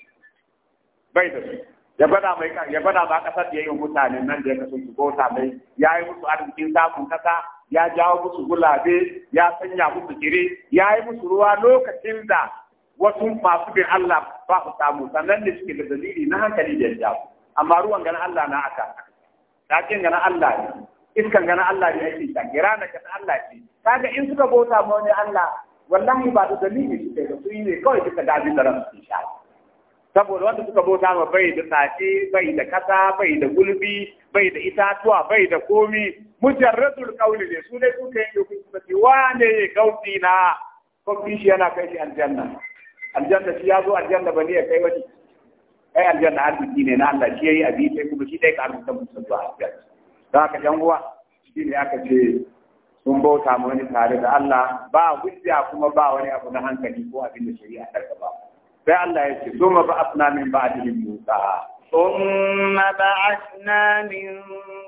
bai da su ya gwada mai ya gwada ma kasar da ya yi mutane nan da ya kasu su bauta mai ya yi musu arzikin samun kasa ya jawo musu gulabe ya sanya musu jire ya yi musu ruwa lokacin da wasu masu bin Allah ba su samu sannan da suke da dalili na hankali da ya jawo amma ruwan ganin Allah na aka Tafin gana Allah ne, iskan gana Allah ne yake ta, na gana Allah ne. Kaga in suka bauta ma wani Allah, wallahi ba da dalili su da su yi ne kawai suka dabi da ransu su sha. Saboda wanda suka bauta ma bai da sace, bai da kasa, bai da gulbi, bai da itatuwa, bai da komi, mujarradul kauli ne su ne suka yi yau kuma ce wane kauti na, Kofi shi yana kai shi aljanna. Aljanna shi ya zo aljanna ba ne ya kai wani ay aljanna arbi dine na allah ci yi abi te ko ci day kaaru tam a do abi da ka jam wa dine aka ce sun bauta mu ne tare da allah ba wuya kuma ba wani abu na hankali ko abin da a ta ba sai allah ya ce thumma ba'athna min ba'dihim musa thumma ba'athna min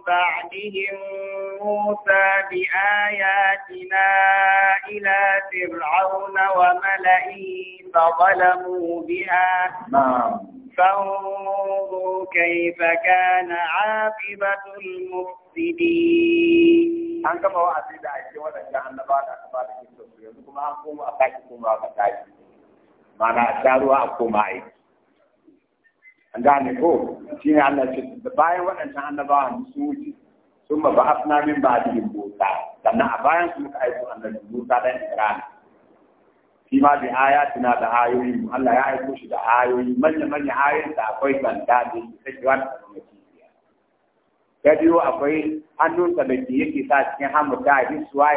ba'dihim musa bi ayatina ila fir'auna wa mala'i fa zalamu biha فانظروا كيف كان عاقبة المفسدين an gama wa'azi da ake waɗanda annaba da aka bada kisan su yanzu kuma an koma a sake koma a tashi mana a sha a koma aiki an gane ko shi ne Allah ce bayan waɗancan annabawan su wuce ba min ba a cikin a bayan dan Ibrahim shi ma bi ayatina da ayoyi mu Allah ya aiko shi da ayoyi manya manya ayoyin da akwai banda da shi take wani kamar ta biyo akwai hannunsa da ke yake sa cikin hamu ta yi suwa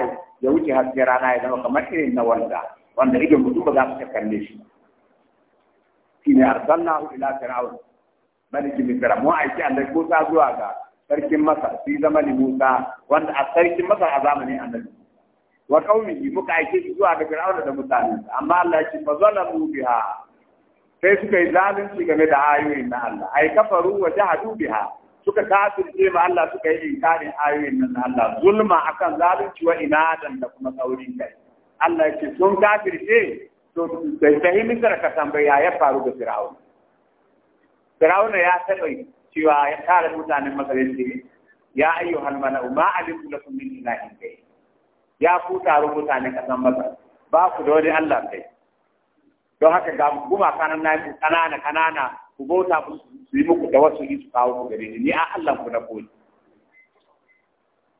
ya wuce haske rana ya zama kamar irin na wanda wanda idan mutu ba za su kalle shi shi ne arsalna hu ila fir'aun maliki fira mu aiki Allah ko ta zuwa ga sarkin masa su zama ni Musa wanda a sarkin masa a zamanin annabi wa qaumihi muka aike shi zuwa ga fir'auna da mutanensa amma Allah ya ce fa zalamu biha sai suka yi zalunci game da ayoyin na Allah ai kafaru wa jahadu biha suka kafirce ma Allah suka yi inkarin ayoyin nan na Allah zulma akan zalunci wa inadan da kuma saurin kai Allah ya ce sun kafirce to da yi misar ka tambaya ya faru da Fir'auna Fir'auna ya taɓa cewa ya kare mutanen masarai ya ayyuhal mala'u ma alimtu lakum min ilahin kai ya ku mutane mutanen kasan Masar ba ku da wani Allah kai don haka ga guma kanan na kanana kanana ku bauta ku su yi muku da wasu su kawo ku gare ni a Allah ku na koli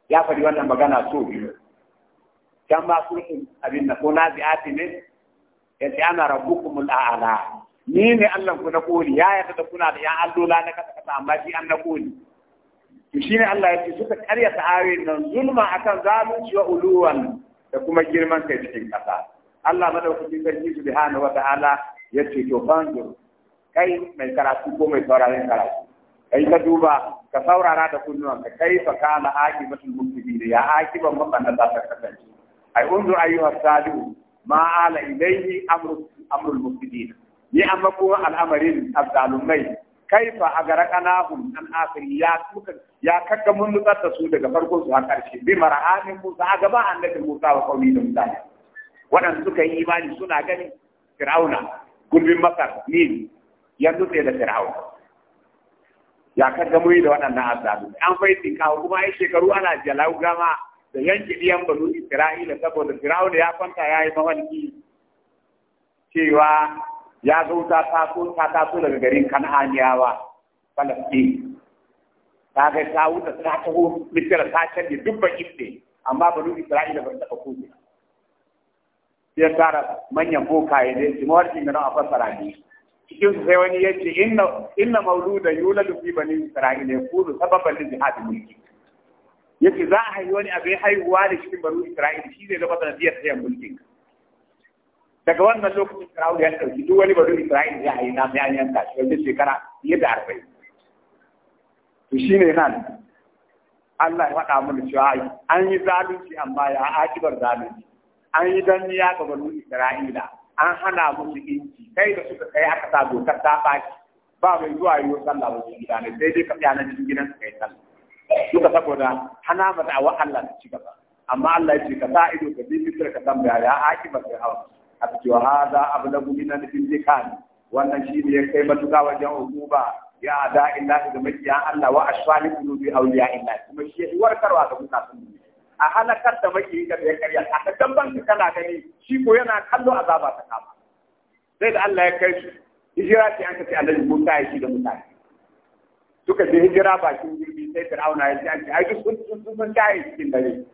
ya faɗi wannan magana so biyu can ba su abin na ko na zi'ati ne ya ce ana rabbukumul a'ala ni ne Allah ku na koli ya yarda da kuna da ya allola na kasa kasa amma shi an na koli to shine Allah ya ce suka karya ayoyin nan zulma akan zalunci wa uluwan da kuma girman kai cikin kasa Allah madaukakin sarki subhanahu wa ta'ala ya ce to fanzur kai mai karatu ko mai sauraron karatu kai ka duba ka saurara da kunnuwan ka kai fa kana akibatul mufsidin ya akiban mabanda za ta kasance ai unzu ayyuha salihu ma ala ilayhi amru amrul mufsidin ni amma kuma al'amarin abdalumai kaifa a gara kanahum an akhiri ya suka ya kakka mun nutsar da su daga farkon su karshe bi mar'amin musa a gaba annabi musa wa qaumi da mutane waɗanda suka yi imani suna gani fir'auna gulbin masar nil ya nutse da fir'auna ya kakka mun yi da waɗannan azabi an fai kawo kuma ai shekaru ana jalau gama da yanke biyan banu isra'ila saboda fir'auna ya kwanta ya yi mawalki cewa ya zo ta taso ta taso daga garin kan'aniyawa falastin ta kai ta wuta ta taho misira ta canje dubban ibne amma bari isra'ila ba ta ko ne ya tara manyan bokaye ne jimawar jimina a fasara ne cikin su sai wani yace inna inna mauluda yuladu lufi bani isra'ila yakunu sababan da jihadi mulki ce za a ne a bai haihuwa da cikin bari isra'ila shi zai zama sanadiyar sayan mulkin ka daga wannan lokacin Fir'aun ya ɗauki duk wani bazo Isra'il ya yi na mai yanka shi wajen shekara fiye da arba'in. To shi ne nan Allah ya faɗa mana cewa an yi zalunci amma ya akibar zalunci. An yi niya ga bazo Isra'ila an hana musu inci kai da suka kai aka sa dokar ta ɓaci ba mai zuwa yi wa sallah ba gida ne sai dai ka tsaya na cikin gidan su kai sallah. Duka saboda hana mata a Allah ta ci gaba. Amma Allah ya ce ka sa ido ka bi fitar ka tambaya ya akibar hawa. aka ce hada ablagu gudina da intiqam wannan shi ya kai matuka wajen hukuma ya ada illa ga makiya Allah wa ashfali qulubi awliya illa kuma shi yi warkarwa ga mutane a halakar da maki da ya karya a ta ka kana gani shi ko yana kallo azaba ta kama sai da Allah ya kai su hijira ce an kace annabi Musa ya shi da mutane suka je hijira bakin jirgi sai Fir'auna ya ce ai duk sun sun sun tayi cikin dare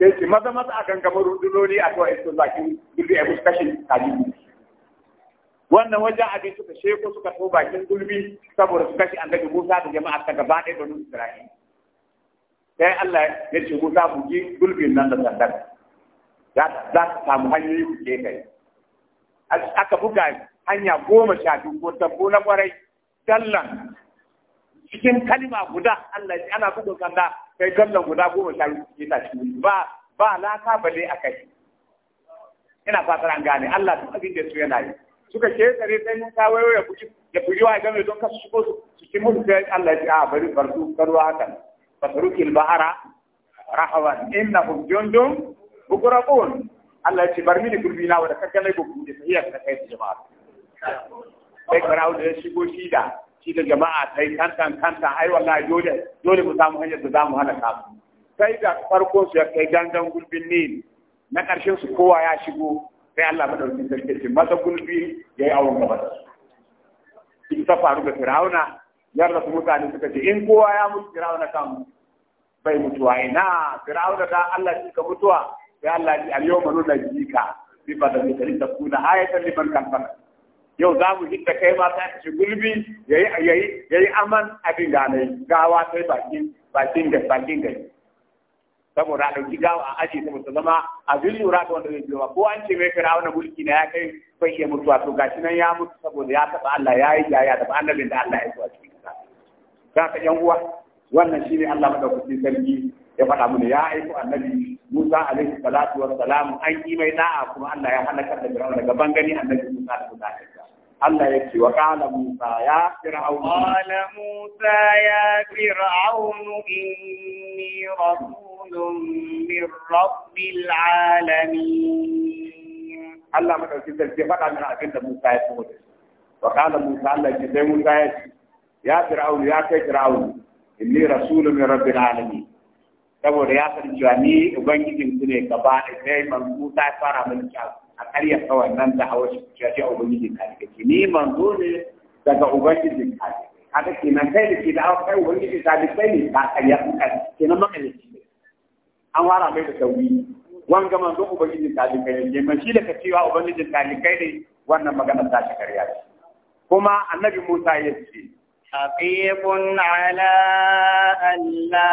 sai ce maza maza a gangamar rundunoni a kawai sun zaki gulbi a kashin talibi wannan wajen abin suka sheko suka to bakin gulbi saboda su kashe annabi Musa da jama'a ta gaba ɗaya banu Isra'ila sai Allah ya ce Musa bugi gulbin nan da sandar za ta samu hanyoyi ku ke kai aka buga hanya goma sha biyu ko tabbo na kwarai tallan cikin kalima guda Allah ya ana bugun sanda kai kallon guda goma sha biyu ta cikin ba ba laka bale aka yi ina fatar an gane Allah duk abin da su yana yi suka ke tsare sai mun ka wayo ya buji ya buji wa game don kasu shigo su cikin mun sai Allah ya a bari barku karwa haka fasarukil bahara rahawan innahum jundum bukurabun Allah ya ce bar mini gurbi na da kakkalai bugu da tahiyar da kai jama'a sai karawo da shigo shida. shi da jama'a ta yi kantan kantan ai wala dole dole mu samu hanyar da za mu hana kafu sai da farkon su ya kai gangan gulbin ne na ƙarshen su kowa ya shigo sai Allah dauki sarki ce masa gulbi ya yi awon gaba da su ta faru da firawuna yar da su mutane suka ce in kowa ya mutu firawuna kan bai mutuwa ina firawuna da Allah shi ka mutuwa sai Allah ya yi al-yawma nunajjika bi badalika litakuna ayatan liman kafara yau za mu hita kai ma ta ci gulbi yayi yi aman abin gane gawa sai bakin bakin da bakin gari saboda a ɗauki gawa a aji ta musu zama a lura da wanda zai biyo ko an ce mai fira wani mulki na ya kai bai iya mutuwa to gashi nan ya mutu saboda ya taɓa Allah ya yi jaya da annabin da Allah ya yi a cikin kasa za ka yan uwa wannan ne Allah madaukakin sarki ya faɗa mu ya aiko annabi موسى عليه الصلاة والسلام أي إيمان أقوم أن لا يحلك الجبران لجبان غني أن لا يحلك الجبران الله يكفي وقال موسى يا فرعون قال موسى يا فرعون إني رسول من رب العالمين الله ما تقول كذا كيف قال من أكيد موسى يقول وقال موسى الله يكفي موسى يا فرعون يا فرعون إني رسول من رب العالمين saboda ya san cewa ni ubangijin su ne gaba da sai manzo ta fara mun ta a karya kawai nan da hawa shi cewa ce ubangijin ka ne ni manzo ne daga ubangijin ka ne haka nan kai da ke da hawa kai ubangijin ka ne kai ne ka karya ku ka kenan mamalaci ne an wara mai da sauri wanga manzo ubangijin ka ne kai ne man shi da ka cewa ubangijin ka ne kai ne wannan magana ta shi karya kuma annabi Musa ya ce حقيق على أن لا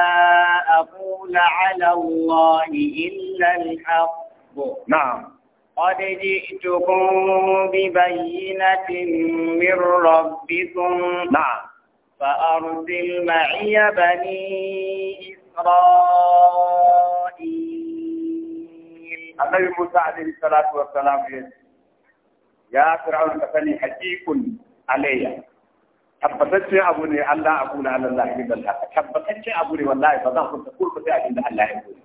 أقول على الله إلا الحق نعم قد جئتكم ببينة من ربكم نعم فأرسل معي بني إسرائيل النبي موسى عليه الصلاة والسلام يا فرعون فسني حقيق علي tabbatacce abu ne Allah abu na Allah lahi da Allah tabbataccen abu ne wallahi ba zan furta kurku sai abin Allah ya koyi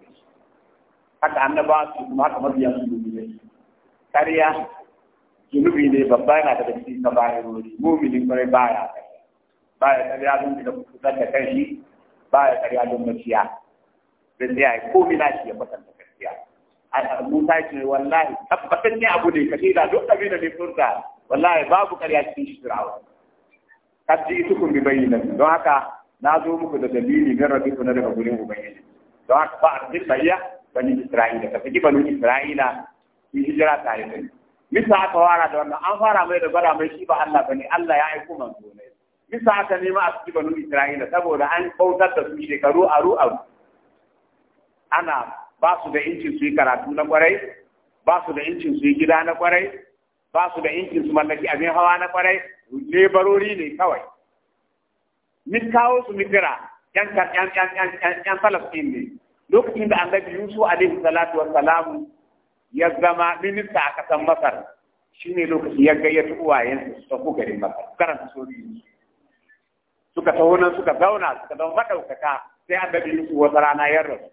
haka annaba su kuma haka mabiya su ne kariya zunubi ne babba yana daga cikin kabairori muminin kwarai baya baya kariya don da kusa da kai baya kariya don maciya da ya ko na shi ya kwatanta gaskiya Musa ya ce wallahi tabbatacce abu ne kashi da duk abin da ne furta wallahi babu kariya cikin shi Fir'auna kad ji'tukum bi bayyinatin don haka na zo muku da dalili rabi ku na daga gurin ubangiji don haka ba arsil bayya bani isra'ila ka saki bani isra'ila su hijira tare da misa aka wara da wannan an fara mai da gwada mai shi ba Allah bane Allah ya aiko manzo ne misa aka nema a saki bani isra'ila saboda an bautar da su shekaru aru aru ana ba su da incin su yi karatu na kwarai ba su da incin su yi gida na kwarai ba su da injin su mallaki abin hawa na kwarai lebarori ne kawai min kawo su mitira yan yan falastin ne lokacin da annabi yusuf alaihi salatu wa salamu ya zama minista a kasan masar shine lokacin ya gayyata uwayensa su tafi garin masar karanta sori suka taho nan suka zauna suka zama madaukaka sai annabi yusu wata rana ya rasu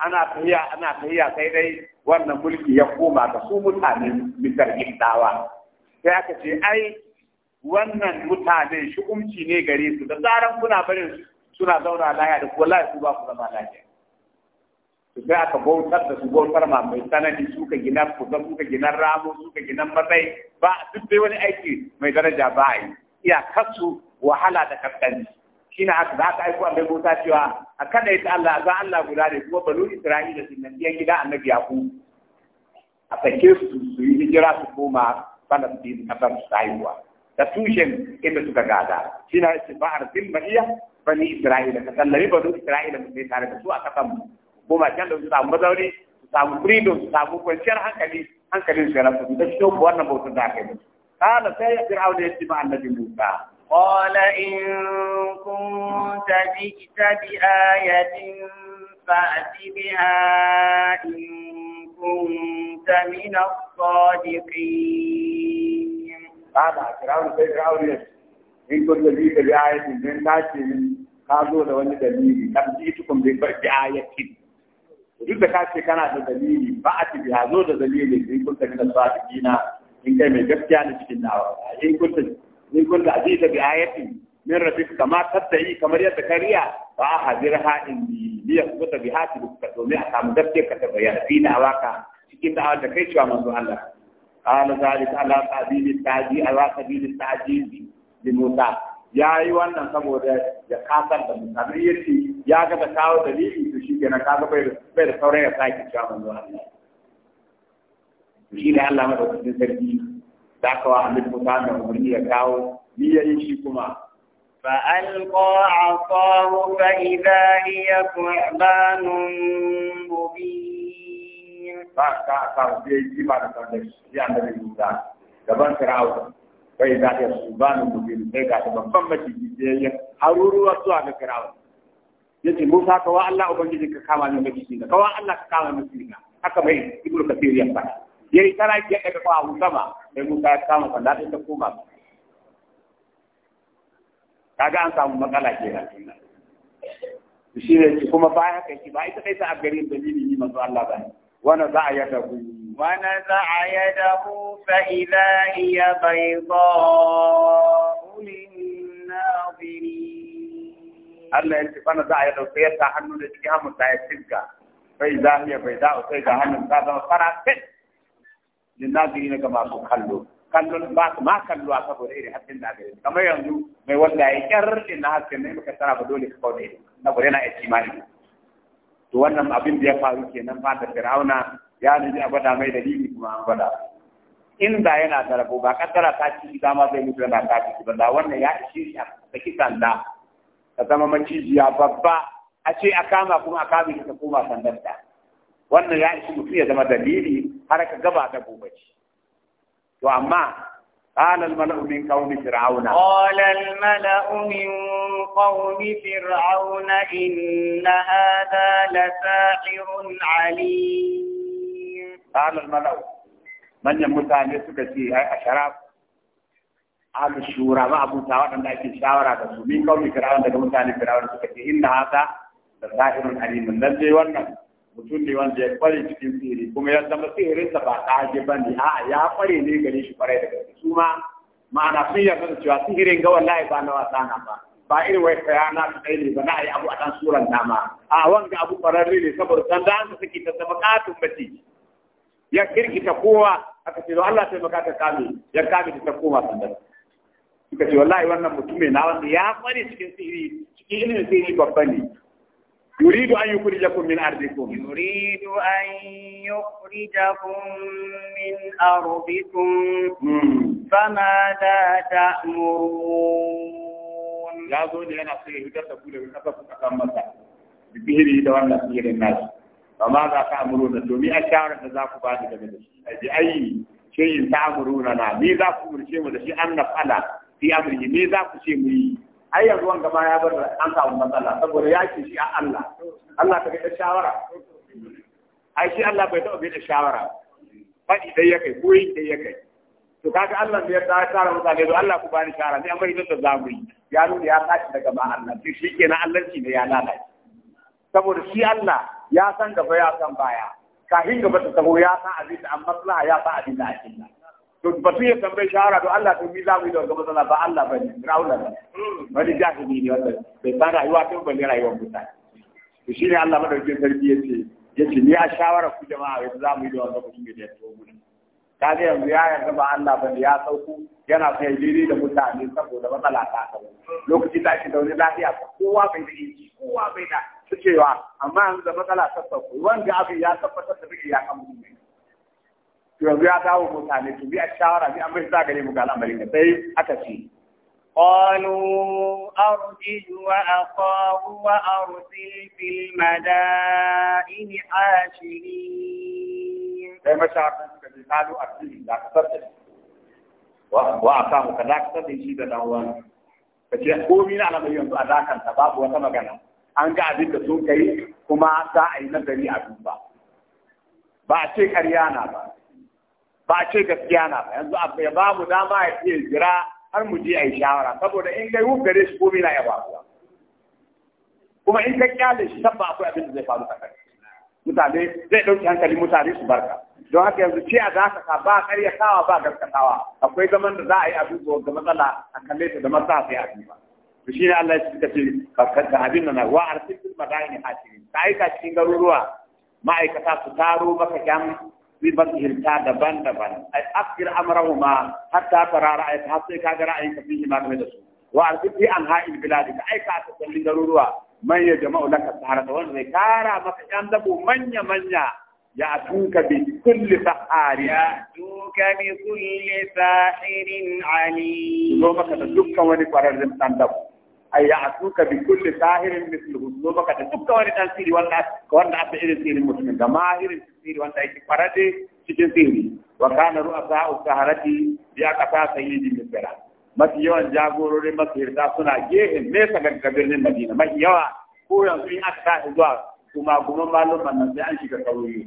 ana tafiya ana tahiya sai dai wannan mulki ya koma ga su mutane misar dawa sai aka ce ai wannan mutane shi umci ne gare su da zaran kuna barin suna zauna laya da kuwa lafiya su ba ku zama lafiya su sai aka bautar da su bautar ma mai tsanani suka gina kusa suka gina ramo suka gina matsayi ba duk dai wani aiki mai daraja ba a yi kasu wahala da kaskanci shine haka za ka aiko annabi Musa cewa a kada ita Allah za Allah guda ne kuma balu Isra'ila sun nan biyan gida annabi Yaku a sake su su yi hijira su koma Palestine kasar su haihuwa da tushen inda suka gada shine istifa'ar zimmaniya bani Isra'ila ka sallami balu Isra'ila mun sai tare da su a kafan mu koma can da su samu mazauni su samu freedom su samu kwanciyar hankali hankalin su ya rasu da shi wannan bautar da aka yi. Kala sai ya fir'auna ya ce ma annabi Musa قال إن كنت جئت بآية فأت بها إن كنت من الصادقين هذا فرعون سيد فرعون إن كنت جئت بآية من تاتي من قالوا لو أن دليلي لم جئتكم بآية duk da ka ce kana da dalili ba a biya zo da dalili in kunta min as-sadiqina in kai mai gaskiya ne cikin dawa in kunta ni kun da kunta ajita bi ayatin min rabbika kama tattayi kamar yadda kariya fa hadirha indi li yasbuta bi hati ka domin a samu gaske ka tabbaya fi da waka cikin da da kai cewa manzo Allah qala zalika ala qabilin ta'ji ala qabilin ta'ji li Musa ya yi wannan saboda ya kasar da Musa duk yace ya ga da kawo dalili to shi kenan kaga bai bai da saurayi ya sake cewa manzo Allah shi ne Allah madaukakin sarki da aka wa annabi Musa da umarni ya kawo niyyar shi kuma فألقى عصاه فإذا هي ثعبان مبين. فإذا هي ثعبان مبين. فإذا تبقى مجيء هارون وسوى بكراون. yace Musa ka wa Allah ubangiji ka kama ni da shi ka wa Allah ka kama ni da haka mai ibnu kafir ya ya yi tara ki ya ɗaga kwa abu sama sai musa ya kama sanda ta koma kaga an samu makala ke nan shi ne kuma baya haka shi ba ita kai ta a garin dalili ne manzo Allah ba wana za a yada ku wana za a yada ku fa idza hiya bayda Allah ya ce bana za a yada sai ta hannu da cikin hamun ta ya tilka fa idza hiya bayda sai ga hannun ta zama fara fit linnazirina a masu kallo kallon ba ma kallo a saboda irin hasken da aka yi kamar yanzu mai wanda ya kyar din na hasken ne baka a ba dole ka kauna ido saboda yana aiki ma to wannan abin da ya faru kenan ba da fir'auna ya nuji a gwada mai dalili kuma an gwada inda yana da rabo ba kaddara ta ci dama zai mutu yana ta ci ba wannan ya ishi shi a saki sanda ka zama macijiya babba a ce a kama kuma a kama ta koma sandarta wannan ya ishi mutum ya zama dalili har ka gaba da قال الملأ من قوم فرعون قال الملأ من قوم فرعون إن هذا لساحر عليم قال الملأ من يمتعني سكتي أشراف قال الشورى ما أبو تاوان أن أكي شاورا من قوم فرعون دقمتاني فرعون سكتي إن هذا لساحر عليم الذي ونم mutum ne wanda ya kware cikin sihiri kuma ya zama sihirinsa ba ƙage ba ne a'a ya kware ne gare shi kwarai da su ma ma'ana sun yarda da cewa sihirin ga wallahi ba na wasa na ba ba irin wai kaya na ta ne ba na yi abu a ɗan suran nama a wanga abu kwararre ne saboda dan da su suke ta zama katun mace ya kirkita kowa aka ce Allah sai maka ta kame ya kame ta koma sanda. suka ce wallahi wannan mutume na wanda ya kware cikin sihiri cikin ilimin sihiri babba ne يريد أن يخرجكم من أرضكم يريد أن يخرجكم من أرضكم فماذا تأمرون يا زوجي أنا سيهدى تقول لكذا فكذا مدى ببهري دوان لسير الناس فماذا تأمرون دومي أشعر أن ذاك بعد كذلك بأي شيء تأمروننا مي ذاك مرشي مرشي أن نفعل في أمره مي ذاك شيء مرشي ai yanzu wanga ma ya bar an samu matsala saboda ya ce shi a Allah Allah ka da shawara ai shi Allah bai taɓa bai da shawara faɗi dai ya kai koyi dai ya kai to kaga Allah ne ya tsara mutane to Allah ku bani shawara ne amma idan da zamu yi ya nuna ya tashi daga ma Allah to shi kenan Allah shi ne ya lalace saboda shi Allah ya san gaba ya san baya kafin gaba ta tabo ya san abin da an maslaha ya san abin da ake yi to batu ya tambaye shahara to Allah to mi za mu yi da matsala ba Allah ba ne raula ne wani jahili ne wanda bai san rayuwa ta balle rayuwar mutane to shine Allah madaukakin sarki yace yace ni a shawara ku jama'a yanzu za mu yi da wannan mutum da ya to mu ta ga yanzu ya yarda ba Allah ba ne ya sauku yana sai jiri da mutane saboda matsala ta ta lokaci ta shi da wani lafiya kowa bai da inji kowa bai da cewa amma yanzu da matsala ta sauko wanda abin ya tabbatar da ya kama. mutum to yanzu ya dawo mutane to bi a shawara bi an bai sa gare mu ga al'amarin da sai aka ce قالوا أرجه وأخاه وأرسل في المدائن حاشرين كما شعرت قالوا أرجه لا كسرت وأخاه كذا كسرت شيء دعوان kace komi na alamari yanzu a dakanta babu wata magana an ga abin da sun kai kuma za a yi nazari a duba ba a ce ƙarya na ba ba ce gaskiya na ba yanzu abu ya ba mu dama ya fiye jira har mu je a yi shawara saboda in kai hukar shi komai na ya ba kuma in kai kyale shi sabba akwai abin da zai faru kai mutane zai ɗauki hankali mutane su barka don haka yanzu ce a za ka sa ba kawa ba gaskatawa akwai zaman da za a yi a ga matsala a kalle ta da masa sai a ba. to shi ne Allah ya suka ce ka abin nan wa arsikin madaini hatimi ka aika cikin garuruwa ma'aikata su taro maka yan بمسهم تا بند بند أي أكثر أمرهما حتى ترى رأيك حتى كاد رأيك قمت كمدسو وأعرف في أنهاء البلاد أي كاد تسلي ضرورة من يجمع لك السهرة وأن مكان دبو من يمنع يأتوك بكل سحار يأتوك بكل ساحر عليم لو مكان تدك ونفر الرمتان دبو ay ya'tuka bi kulli sahirin mithluhu no baka da dukkan wani dan siri wanda تنسيري aka irin sirin mutumin da mahirin sirri wanda yake farade cikin sirri wa kana ru'asa saharati bi aqsa sayyidi misra mafi yawan jagororin masirta suna gehen nesa ga birnin madina mafi yawa ko yanzu in aka tashi zuwa kuma kuma malaman nan sai an shiga sauri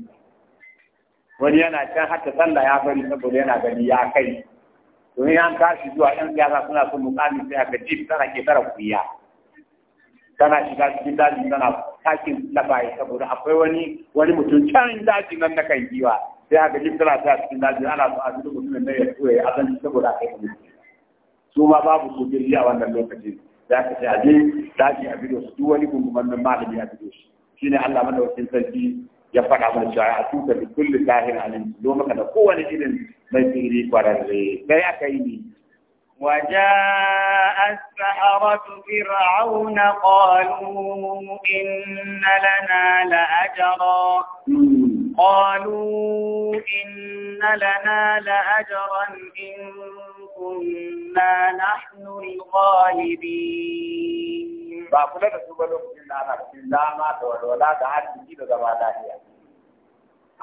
wani yana can hatta sallah ya bari saboda yana gani ya kai to in an tashi zuwa yan siyasa suna son mukami sai aka jif tara ke tara kuya tana shiga cikin daji tana takin labaye saboda akwai wani wani mutum can dajin nan na kan giwa sai haka jin tana ta cikin daji ana so a duk mutumin nan ya tsoye a zan saboda kai yi su ma babu su a wannan lokaci za ka ce a je daji a bido su duk wani gungumar malami a bido shi ne Allah madaukakin sarki ya faɗa mana cewa a tuka da kulli zahirin alim do kana da kowane irin mai tsiri kwararre kai aka yi ne وجاء السحرة فرعون قالوا إن لنا لأجرا قالوا إن لنا لأجرا إن كنا نحن الغالبين.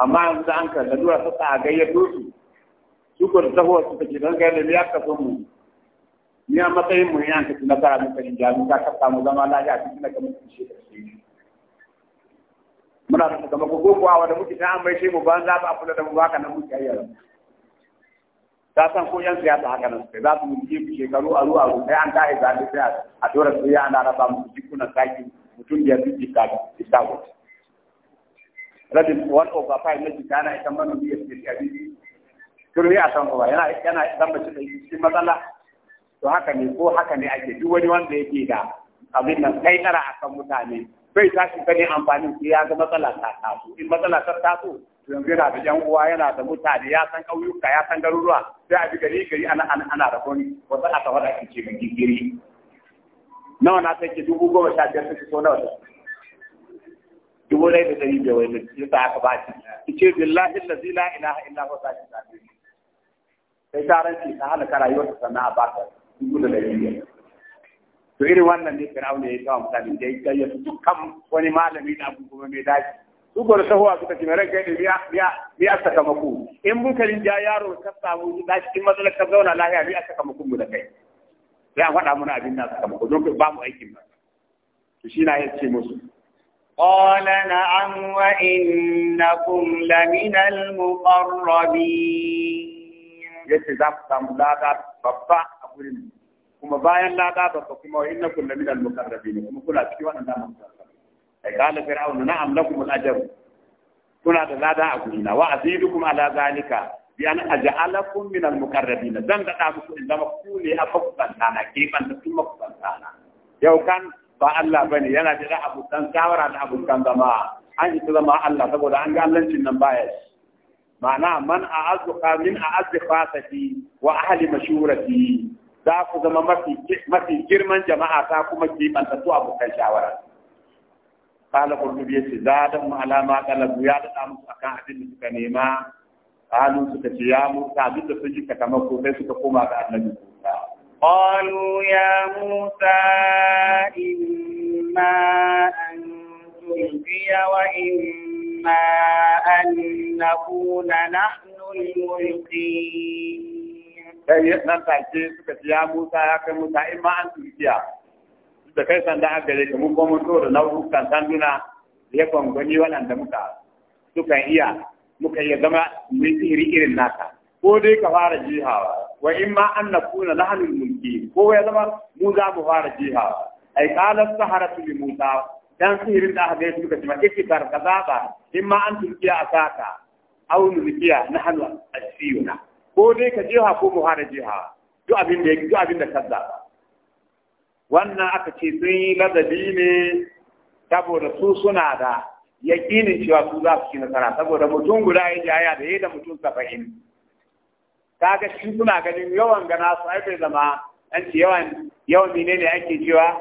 أما أنت تدور فقط على جيبك. شكر سهوة تجي تنقل لياقة أمي. ni a matsayin mu yan ka tuna kara muka yin jami'a za ka samu zama lafiya a cikin da kamar su shi da muna da kuma ko ko kuwa wanda muke ta an bai shi mu ban za ba kula da mu baka nan muke ayyara ta san ko yan siyasa haka nan sai za su mu ji shekaru aru aru sai an kai zabe sai a dora su ya ana raba mu kuna saki mutum da ya fi jika da wata rabin one over five na jika na ita manomi ya fi jika biyu turu ya san kowa yana yana dan mace da shi matsala to haka ne ko haka ne ake duk wani wanda yake da abin nan kai tsara kan mutane bai tashi gani amfanin su ya ga matsala ta taso in matsala ta taso to yanzu yana da yan uwa yana da mutane ya san ƙauyuka ya san garuruwa sai a bi gari gari ana ana ana wasu wata aka faɗa ki ce gigiri nawa na ke dubu goma sha biyar suke so nawa dubu ɗaya da ɗari biyar wani ya sa aka ba shi. ki ce billahi lazi la ilaha illa huwa sai ta ranci ta halaka ta sannan a baka dubu da ɗari biyar to irin wannan ne fir'auna ya kawo mutane da ya gayyata dukkan wani malami da abu kuma mai daji su gwada tahowa suka ce ran kai da biya a sakamako in bukarin ja yaro ka samu da cikin matsalar ka zauna lahiya biya a sakamakon mu da kai sai an faɗa mana abin na sakamako don ba mu aikin ba to shi na yace musu قال نعم وإنكم za المقربين samu تملاك babba? المقربين وما أنا لا قاب أنا ان كل أنا المقربين وما أنا اشي وانا أنا قال فرعون أنا نعم لكم الاجر أنا لا دا أنا وازيدكم على أنا بان اجعلكم أنا المقربين ذن أنا ان لم أنا يا فقط انا أنا أنا أنا أنا أنا أنا أنا أنا أنا أنا أنا أنا أنا أنا أنا أنا أنا ان تكون أنا يو كان أنا Allah bane أنا da abu أنا kawara da أنا dan dama أنا yi zama أنا saboda an أنا Allahcin nan أنا أنا ma'ana man a'azzu min a'azzi fasati wa ahli mashurati za ku zama mafi girman jama'a ta kuma a abokan shawara kala kurdubi ya ce da mu alama kalabu ya daɗa musu akan abin da suka nema kalu suka ce ya musa duk da sun jika kamar ko sai suka koma ga annabi musa قالوا يا موسى إما أن تلقي وإما أن نكون نحن الملقين sai nan take suka ce Musa ya kai Musa in ma an turkiya da kai sanda a gare ka mun kuma mun da nau'ukan sanduna da ya gwangwani waɗanda muka suka iya muka iya zama mai sihiri irin naka ko dai ka fara jihawa wa in ma an nakuna lahanul mulki ko ya zama mu za mu fara jihawa ai qala saharatu li Musa dan sihirin da aka gare suka ce ma ikitar kazaba in ma an turkiya a asaka aw nulkiya nahnu asiyuna ko dai ka jiha ko mu hana jiha duk abin da duk abin da ka zaba wannan aka ce sun yi ladabi ne saboda su suna da yakinin cewa su za su ci nasara saboda mutum guda ya aya da ya da mutum saba'in kaga shi suna ganin yawan gana su ai bai zama an ce yawan yawan ne ake cewa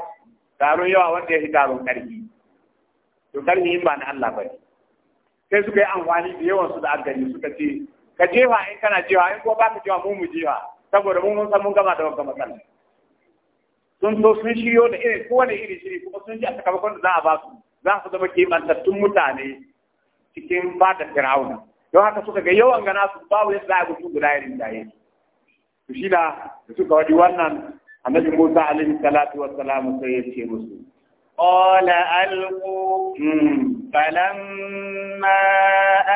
taron yawa wanda ya fi taron ƙarfi to ƙarfi in ba na Allah ba sai suka yi amfani da yawan su da aggari suka ce ka jefa in kana jewa in ko ba ka mu mu wa saboda mun san mun gama da wannan matsala sun so sun shiryo da irin kowane iri shiri kuma sun ji a sakamakon da za a ba su za su zama kimantattun mutane cikin fada firawuna don haka suka ga yawan gana su babu yadda za a gudu guda irin yake to shi da suka wadi wannan annabi Musa alaihi salatu wassalamu sai ya ce musu قال ألقوا فلما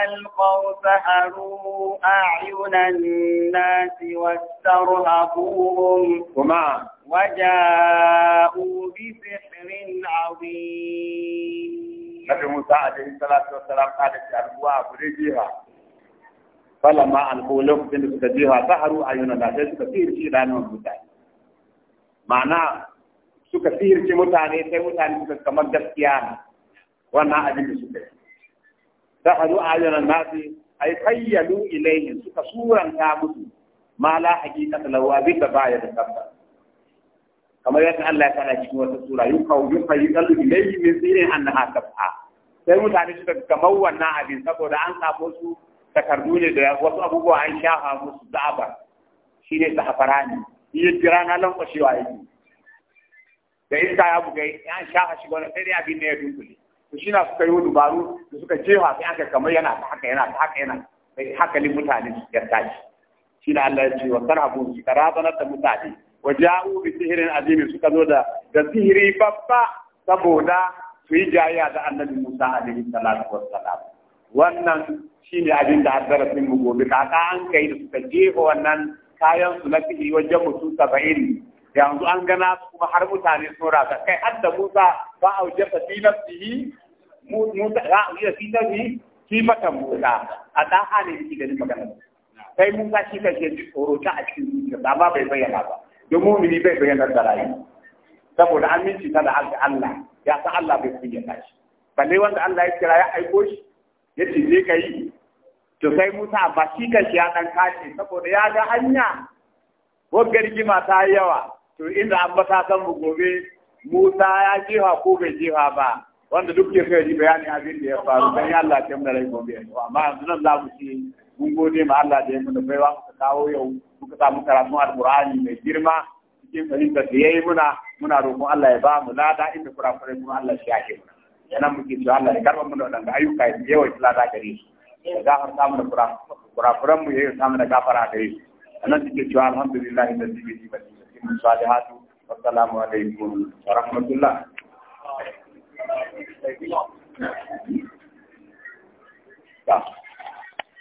ألقوا سحروا أعين الناس واسترهبوهم وما وجاءوا بسحر عظيم نبي موسى عليه الصلاة والسلام قال في ألقوا أبريجيها فلما ألقوا لهم بنفسجيها سحروا أعين الناس كثير شيئا ومتعين معناه suka sihirce mutane sai mutane suka kamar gaskiya ne wannan abin da suka yi sahadu ayyunan nasi ay fayyalu ilayhi suka suranta musu ma la haqiqata lahu abin da baya da tabbata kamar yadda Allah ya faɗa cikin wata sura yukau yukayyalu ilayhi min sirin annaha tab'a sai mutane suka kamar wannan abin saboda an sabo su takardu ne da wasu abubuwa an shafa musu ne shine sahafarani yi jira na lankwashewa yake da iska ya buga ya shafa shi gona sai dai abin da ya dunkule to shi na suka yi dubaru da suka jefa sai aka kamar yana ta haka yana ta haka yana sai hakalin mutane su ya tashi shi na Allah ya ce wa sarhabu su karabanar da mutane wa ja'u bi sihirin azim suka zo da da sihiri babba saboda su yi jayya da annabi Musa alaihi salatu wassalam wannan shi ne abin da haddarasin mu gobe kaka an kai da suka jefa wannan kayan su na sihiri wajen mutum saba'in yanzu an gana su kuma har mutane sun rasa kai hadda Musa ba a wuce fa fi nafsihi Musa ba a wuce fi nafsihi sifatan Musa a dan halin yake ganin magana kai Musa shi kake ji tsoro ta a cikin zuciyarsa ba bai bayyana ba don mumini bai bayyana da rayu saboda aminci ta da Allah ya sa Allah bai kunyata shi balle wanda Allah ya kira ya aiko shi ya ce je ka yi to sai Musa ba shi kanshi ya dan kace saboda ya ga hanya ko gargima ta yawa to inda an bata kan mu gobe Musa ya jefa ko bai jefa ba wanda duk ya kai bayanin abin da ya faru dan ya Allah ya mu gobe amma yanzu nan za mu ci mun gode ma Allah da ya bai wa muka kawo yau muka samu karatun alqur'ani mai girma cikin fahimtar da yayi muna muna roƙon Allah ya ba mu lada inda kurakurai kuma Allah ya yake mu yana muke cewa Allah ya karba mu da wadanda ayyuka ya yawa lada gare shi ya gafar samu da kurakuran mu ya yi samu da gafara gare shi anan cikin cewa alhamdulillah da zibi zibi الصالحات والسلام عليكم ورحمة الله Yeah.